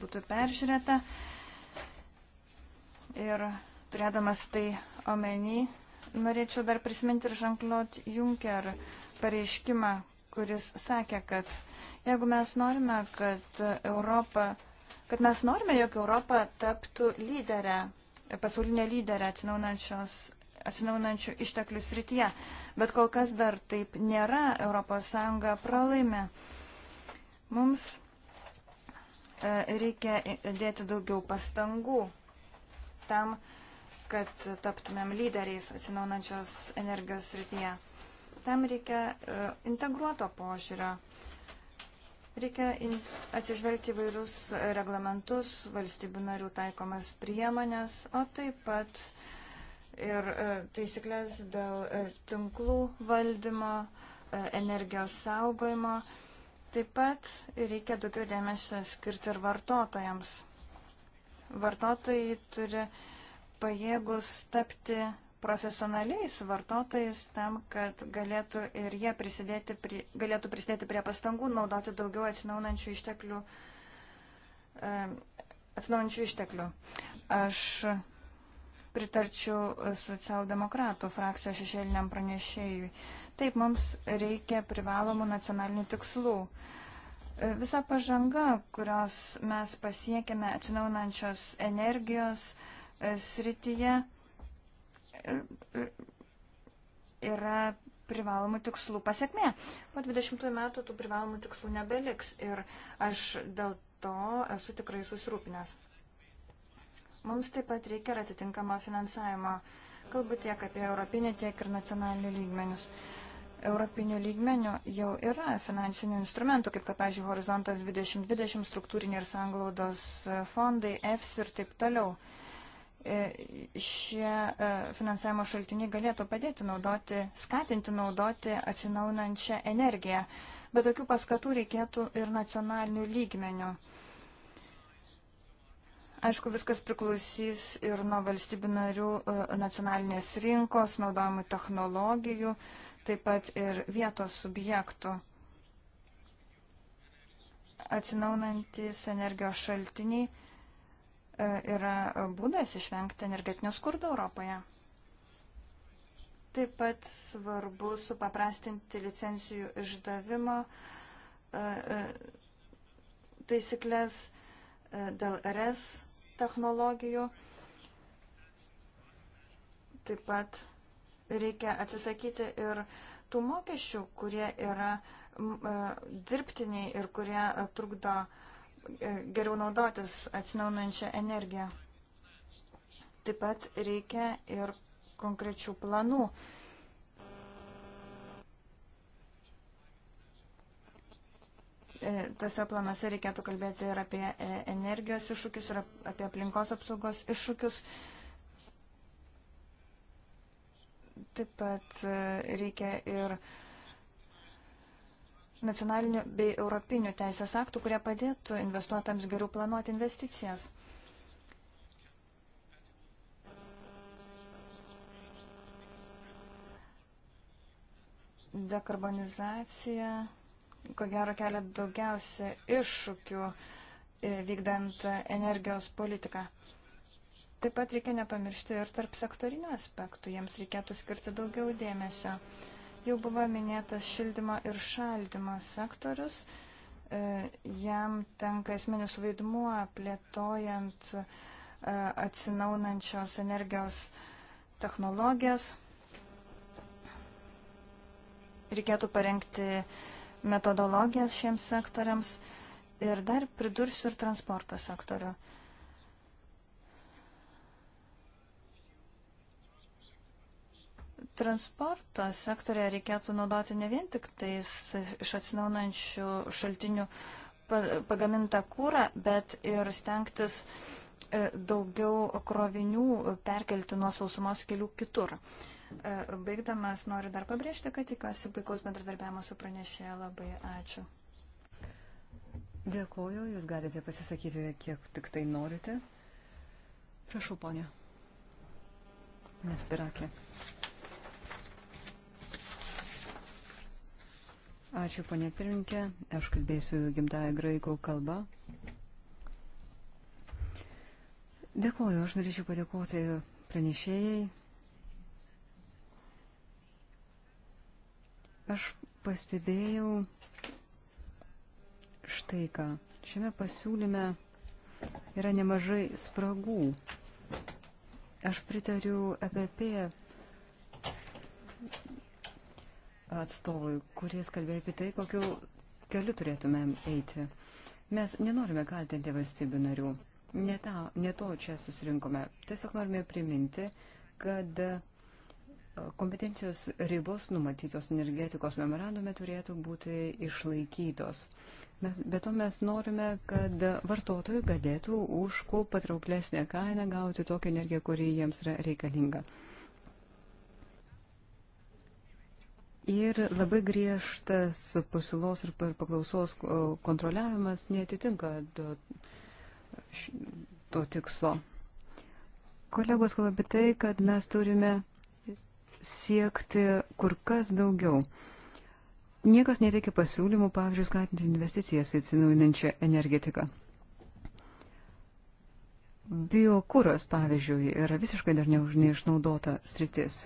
būtų peržiūrėta. Ir turėdamas tai omeny, norėčiau dar prisiminti ir Žanklot Juncker pareiškimą, kuris sakė, kad jeigu mes norime, kad Europa kad mes norime, jog Europa taptų lyderę, pasaulinė lyderė atsinaunančių išteklių srityje. Bet kol kas dar taip nėra, ES pralaimė. Mums e, reikia dėti daugiau pastangų tam, kad taptumėm lyderiais atsinaunančios energijos srityje. Tam reikia e, integruoto požiūrio. Reikia atsižvelgti vairius reglamentus, valstybių narių taikomas priemonės, o taip pat ir e, taisyklės dėl e, tinklų valdymo, e, energijos saugojimo. Taip pat reikia daugiau dėmesio skirti ir vartotojams. Vartotojai turi pajėgus tapti profesionaliais vartotojais tam, kad galėtų ir jie prisidėti prie, galėtų prisidėti prie pastangų naudoti daugiau atsinaunančių išteklių. E, Atsinaujančių išteklių. Aš pritarčiau socialdemokratų frakcijos šešėliniam pranešėjui. Taip, mums reikia privalomų nacionalinių tikslų. E, visa pažanga, kurios mes pasiekėme atsinaunančios energijos e, srityje, yra privalomų tikslų pasiekmė. Po 20 metų tų privalomų tikslų nebeliks ir aš dėl to esu tikrai susirūpinęs. Mums taip pat reikia ir atitinkamo finansavimo. Kalbu tiek apie europinį, tiek ir nacionalinį lygmenius. Europinių lygmenių jau yra finansinių instrumentų, kaip kad, pavyzdžiui, Horizontas 2020, struktūriniai ir sanglaudos fondai, EFS ir taip toliau. Uh, E, šie e, finansavimo šaltiniai galėtų padėti naudoti, skatinti naudoti atsinaunančią energiją. Bet tokių paskatų reikėtų ir nacionalinių lygmenių. Aišku, viskas priklausys ir nuo valstybių narių e, nacionalinės rinkos, naudojimų technologijų, taip pat ir vietos subjektų. Atsinaunantis energijos šaltiniai E, yra būdas išvengti energetinio skurdo Europoje. Taip pat svarbu supaprastinti licencijų išdavimo e, e, taisyklės dėl RS technologijų. Taip pat reikia atsisakyti ir tų mokesčių, kurie yra dirbtiniai ir kurie trukdo uh, E, geriau naudotis atsinaunančią energiją. Taip pat reikia ir konkrečių planų. E, tose planuose reikėtų kalbėti ir apie e, energijos iššūkius, ir apie aplinkos apsaugos iššūkius. Taip pat reikia ir uh, nacionalinių bei europinių teisės aktų, kurie padėtų investuotams geriau planuoti investicijas. Dekarbonizacija, ko gero, kelia daugiausia iššūkių e, vykdant energijos politiką. Taip pat reikia nepamiršti ir tarp sektorinių aspektų, jiems reikėtų skirti daugiau dėmesio. Jau buvo minėtas šildymo ir šaldymo sektorius. E, jam tenka esminis vaidmuo plėtojant e, atsinaunančios energijos technologijas. Reikėtų parengti metodologijas šiems sektoriams. Ir dar pridursiu ir transporto sektorių. transporto sektorėje reikėtų naudoti ne vien tik tais iš atsinaunančių šaltinių pagamintą kūrą, bet ir stengtis e, daugiau krovinių perkelti nuo sausumos kelių kitur. E, baigdamas noriu dar pabrėžti, kad tikiuosi puikaus bendradarbiavimo su pranešėja. Labai ačiū. Dėkuoju, jūs galite pasisakyti, kiek tik tai norite. Prašau, ponė. Nes piraklė. Ačiū, ponė pirminkė. Aš kalbėsiu gimtąją graikų kalbą. Dėkuoju, aš norėčiau padėkoti pranešėjai. Aš pastebėjau štai ką. Šiame pasiūlyme yra nemažai spragų. Aš pritariu EPP atstovui, kuris kalbėjo apie tai, kokiu keliu turėtumėm eiti. Mes nenorime kaltinti valstybių narių. Ne, ta, ne to čia susirinkome. Tiesiog norime priminti, kad e, kompetencijos ribos numatytos energetikos memorandume turėtų būti išlaikytos. Be to mes norime, kad vartotojai galėtų už kuo patrauklesnę kainą gauti tokią energiją, kuri jiems yra reikalinga. Ir labai griežtas pasiūlos ir paklausos kontroliavimas netitinka to tikslo. Kolegos kalba apie tai, kad mes turime siekti kur kas daugiau. Niekas neteikia pasiūlymų, pavyzdžiui, skatinti investicijas į atsinaujinančią energetiką. Biokūros, pavyzdžiui, yra visiškai dar neužneišnaudota sritis.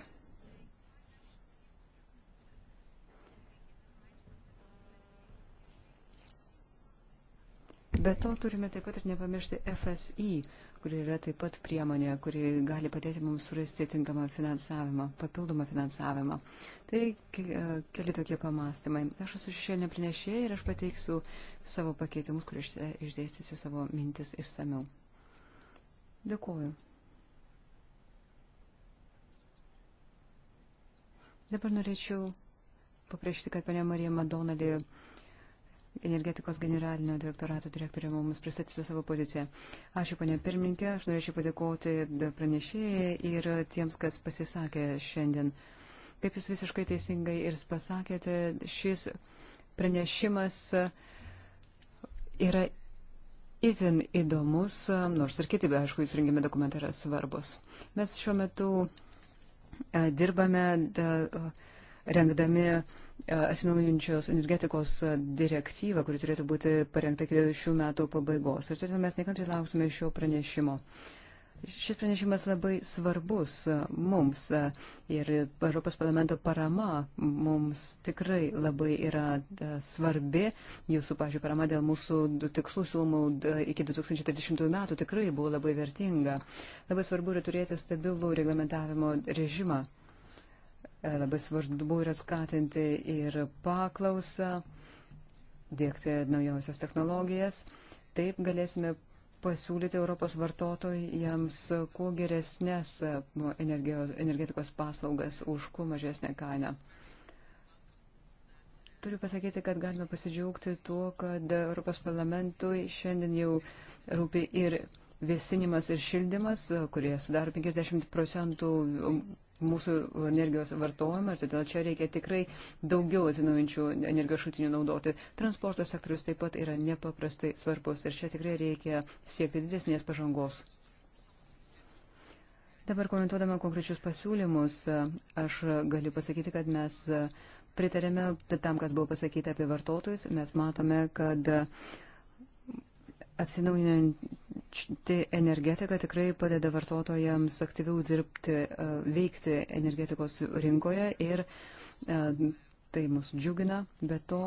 be to turime taip pat ir nepamiršti FSI, kuri yra taip pat priemonė, kuri gali padėti mums surasti tinkamą finansavimą, papildomą finansavimą. Tai e, keli tokie pamastymai. Aš esu šešėlinė prinešėja ir aš pateiksiu savo pakeitimus, kur e, išdėstysiu savo mintis išsameu. Dėkuoju. Dabar norėčiau paprašyti, kad panė Marija Madonalė. Dė energetikos generalinio direktorato direktorė mums pristatysiu savo poziciją. Ačiū, ponė pirmininkė, aš norėčiau padėkoti pranešėjai ir tiems, kas pasisakė šiandien. Kaip jūs visiškai teisingai ir pasakėte, šis pranešimas yra itin įdomus, nors ir kiti, be aišku, jūs rengimi dokumentai yra svarbus. Mes šiuo metu dirbame da, rengdami E, atsinaujančios energetikos direktyvą, kuri turėtų būti parengta iki šių metų pabaigos. Ir todėl mes nekantriai lauksime šio pranešimo. Šis pranešimas labai svarbus mums ir Europos parlamento parama mums tikrai labai yra e, svarbi. Jūsų, pažiūrėjau, parama dėl mūsų tikslų siūlomų iki 2030 metų tikrai buvo labai vertinga. Labai svarbu yra turėti stabilų reglamentavimo režimą. E, labai svarbu yra skatinti ir paklausą, dėkti naujausias technologijas. Taip galėsime pasiūlyti Europos vartotojams kuo geresnės e, energetikos paslaugas už kuo mažesnę kainą. Turiu pasakyti, kad galime pasidžiaugti tuo, kad Europos parlamentui šiandien jau rūpi ir vėsinimas ir šildymas, kurie sudaro 50 procentų mūsų energijos vartojimą ir todėl čia reikia tikrai daugiau atsinaujančių energijos šaltinių naudoti. Transporto sektorius taip pat yra nepaprastai svarbus ir čia tikrai reikia siekti didesnės pažangos. Dabar komentuodama konkrečius pasiūlymus, aš galiu pasakyti, kad mes pritarėme tam, kas buvo pasakyta apie vartotojus. Mes matome, kad uh, atsinaujinanti energetika tikrai padeda vartotojams aktyviau dirbti, e, veikti energetikos rinkoje ir e, tai mus džiugina. Be to,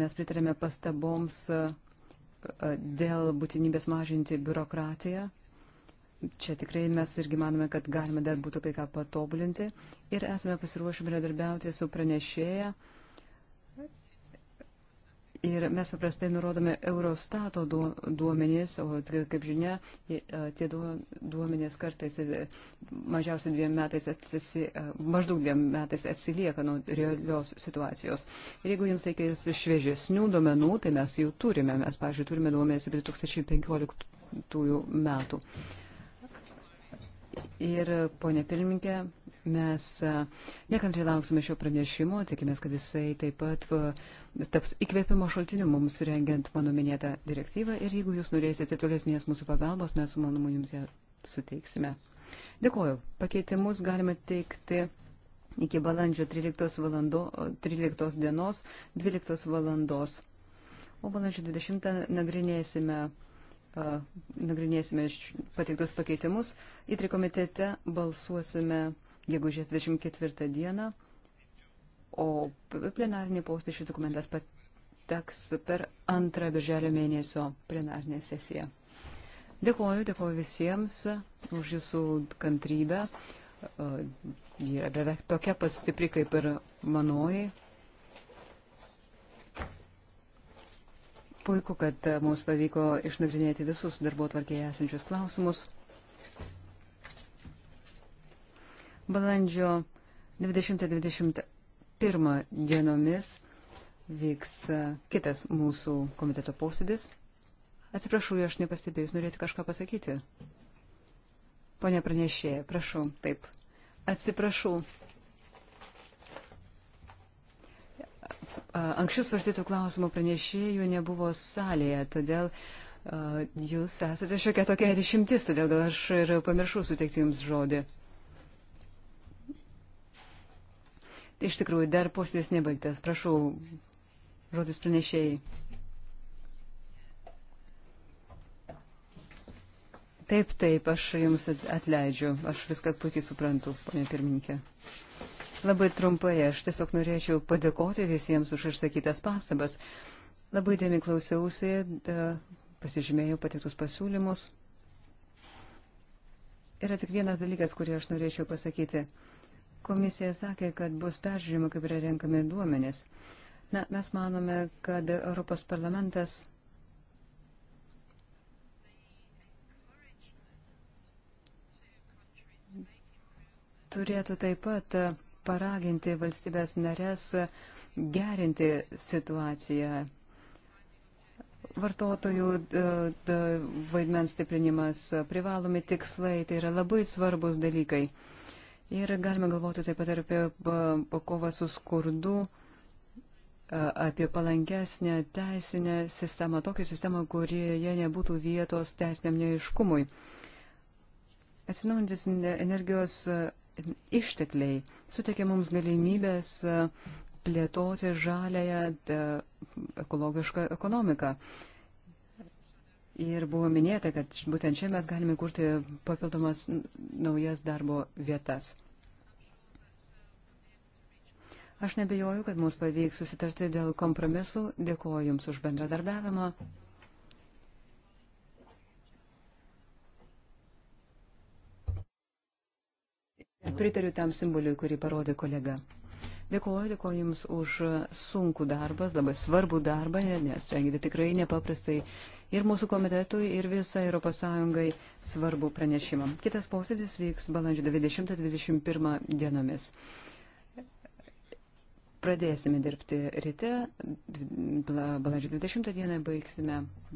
mes pritarėme pastaboms e, dėl būtinybės mažinti biurokratiją. Čia tikrai mes irgi manome, kad galime dar būtų kai ką patobulinti ir esame pasiruošę bendradarbiauti su pranešėja. Uh, Ir mes paprastai nurodome Eurostato duomenys, o kaip žinia, tie duomenys kartais e, mažiausiai dviem metais atsisi, maždaug dviem metais atsilieka nuo realios situacijos. Ir jeigu jums reikės šviežesnių duomenų, tai mes jų turime. Mes, pažiūrėjau, turime duomenys iki 2015 metų. Ir, e, ponė pirmininkė, Mes nekantriai lauksime šio pranešimo, tikimės, kad jisai taip pat taps įkvėpimo šaltiniu mums rengiant mano minėtą direktyvą ir jeigu jūs norėsite tolesnės mūsų pagalbos, mes su malonumu jums ją suteiksime. Dėkuoju. Pakeitimus galime teikti iki balandžio 13, valando, 13 dienos 12 valandos. O balandžio 20 nagrinėsime, uh, nagrinėsime pateiktus pakeitimus. Įtri komitete balsuosime gegužės 24 dieną, o plenarinį postą šis dokumentas pateks per antrą birželio mėnesio plenarinę sesiją. Dėkuoju, dėkuoju visiems už jūsų kantrybę. Ji yra beveik tokia pat stipri kaip ir manoji. Puiku, kad mums pavyko išnagrinėti visus darbo tvarkėje esančius klausimus. Balandžio 20-21 dienomis vyks e, kitas mūsų komiteto posėdis. Atsiprašau, aš nepastebėjus, norėtų kažką pasakyti. Pone pranešėja, prašau, taip. Atsiprašau. Anksčiau svarstytų klausimų pranešėjų nebuvo salėje, todėl jūs esate šiokia tokia išimtis, todėl gal aš ir pamiršau suteikti jums žodį. Iš tikrųjų, dar posėdis nebaigtas. Prašau, žodis pranešėjai. Taip, taip, aš jums atleidžiu, aš viską puikiai suprantu, ponė pirmininkė. Labai trumpai, aš tiesiog norėčiau padėkoti visiems už išsakytas pastabas. Labai dėmi klausiausi, pasižymėjau patiktus pasiūlymus. Yra tik vienas dalykas, kurį aš norėčiau pasakyti. Komisija sakė, kad bus peržiūrima, kaip yra renkami duomenys. Na, mes manome, kad Europos parlamentas turėtų taip pat paraginti valstybės narės gerinti situaciją. Vartotojų vaidmens stiprinimas, privalomi tikslai, tai yra labai svarbus dalykai. Ir galime galvoti taip pat ir apie kovą su skurdu, apie palankesnę teisinę sistemą, tokią sistemą, kurioje nebūtų vietos teisiniam neiškumui. Atsinaujantis energijos e, ištekliai suteikia mums galimybės plėtoti žalėją ekologišką ekonomiką. Ir buvo minėta, kad būtent čia mes galime kurti papildomas naujas darbo vietas. Aš nebejoju, kad mums pavyks susitarti dėl kompromisų. Dėkuoju Jums už bendradarbiavimą. Pritariu tam simboliui, kurį parodė kolega. Dėkuoju, dėkuoju Jums už sunkų darbą, labai svarbų darbą, nes rengėte tikrai nepaprastai ir mūsų komitetui, ir visai ES svarbu pranešimą. Kitas posėdis vyks balandžio 20-21 dienomis. Pradėsime dirbti ryte, balandžio 20 dieną baigsime.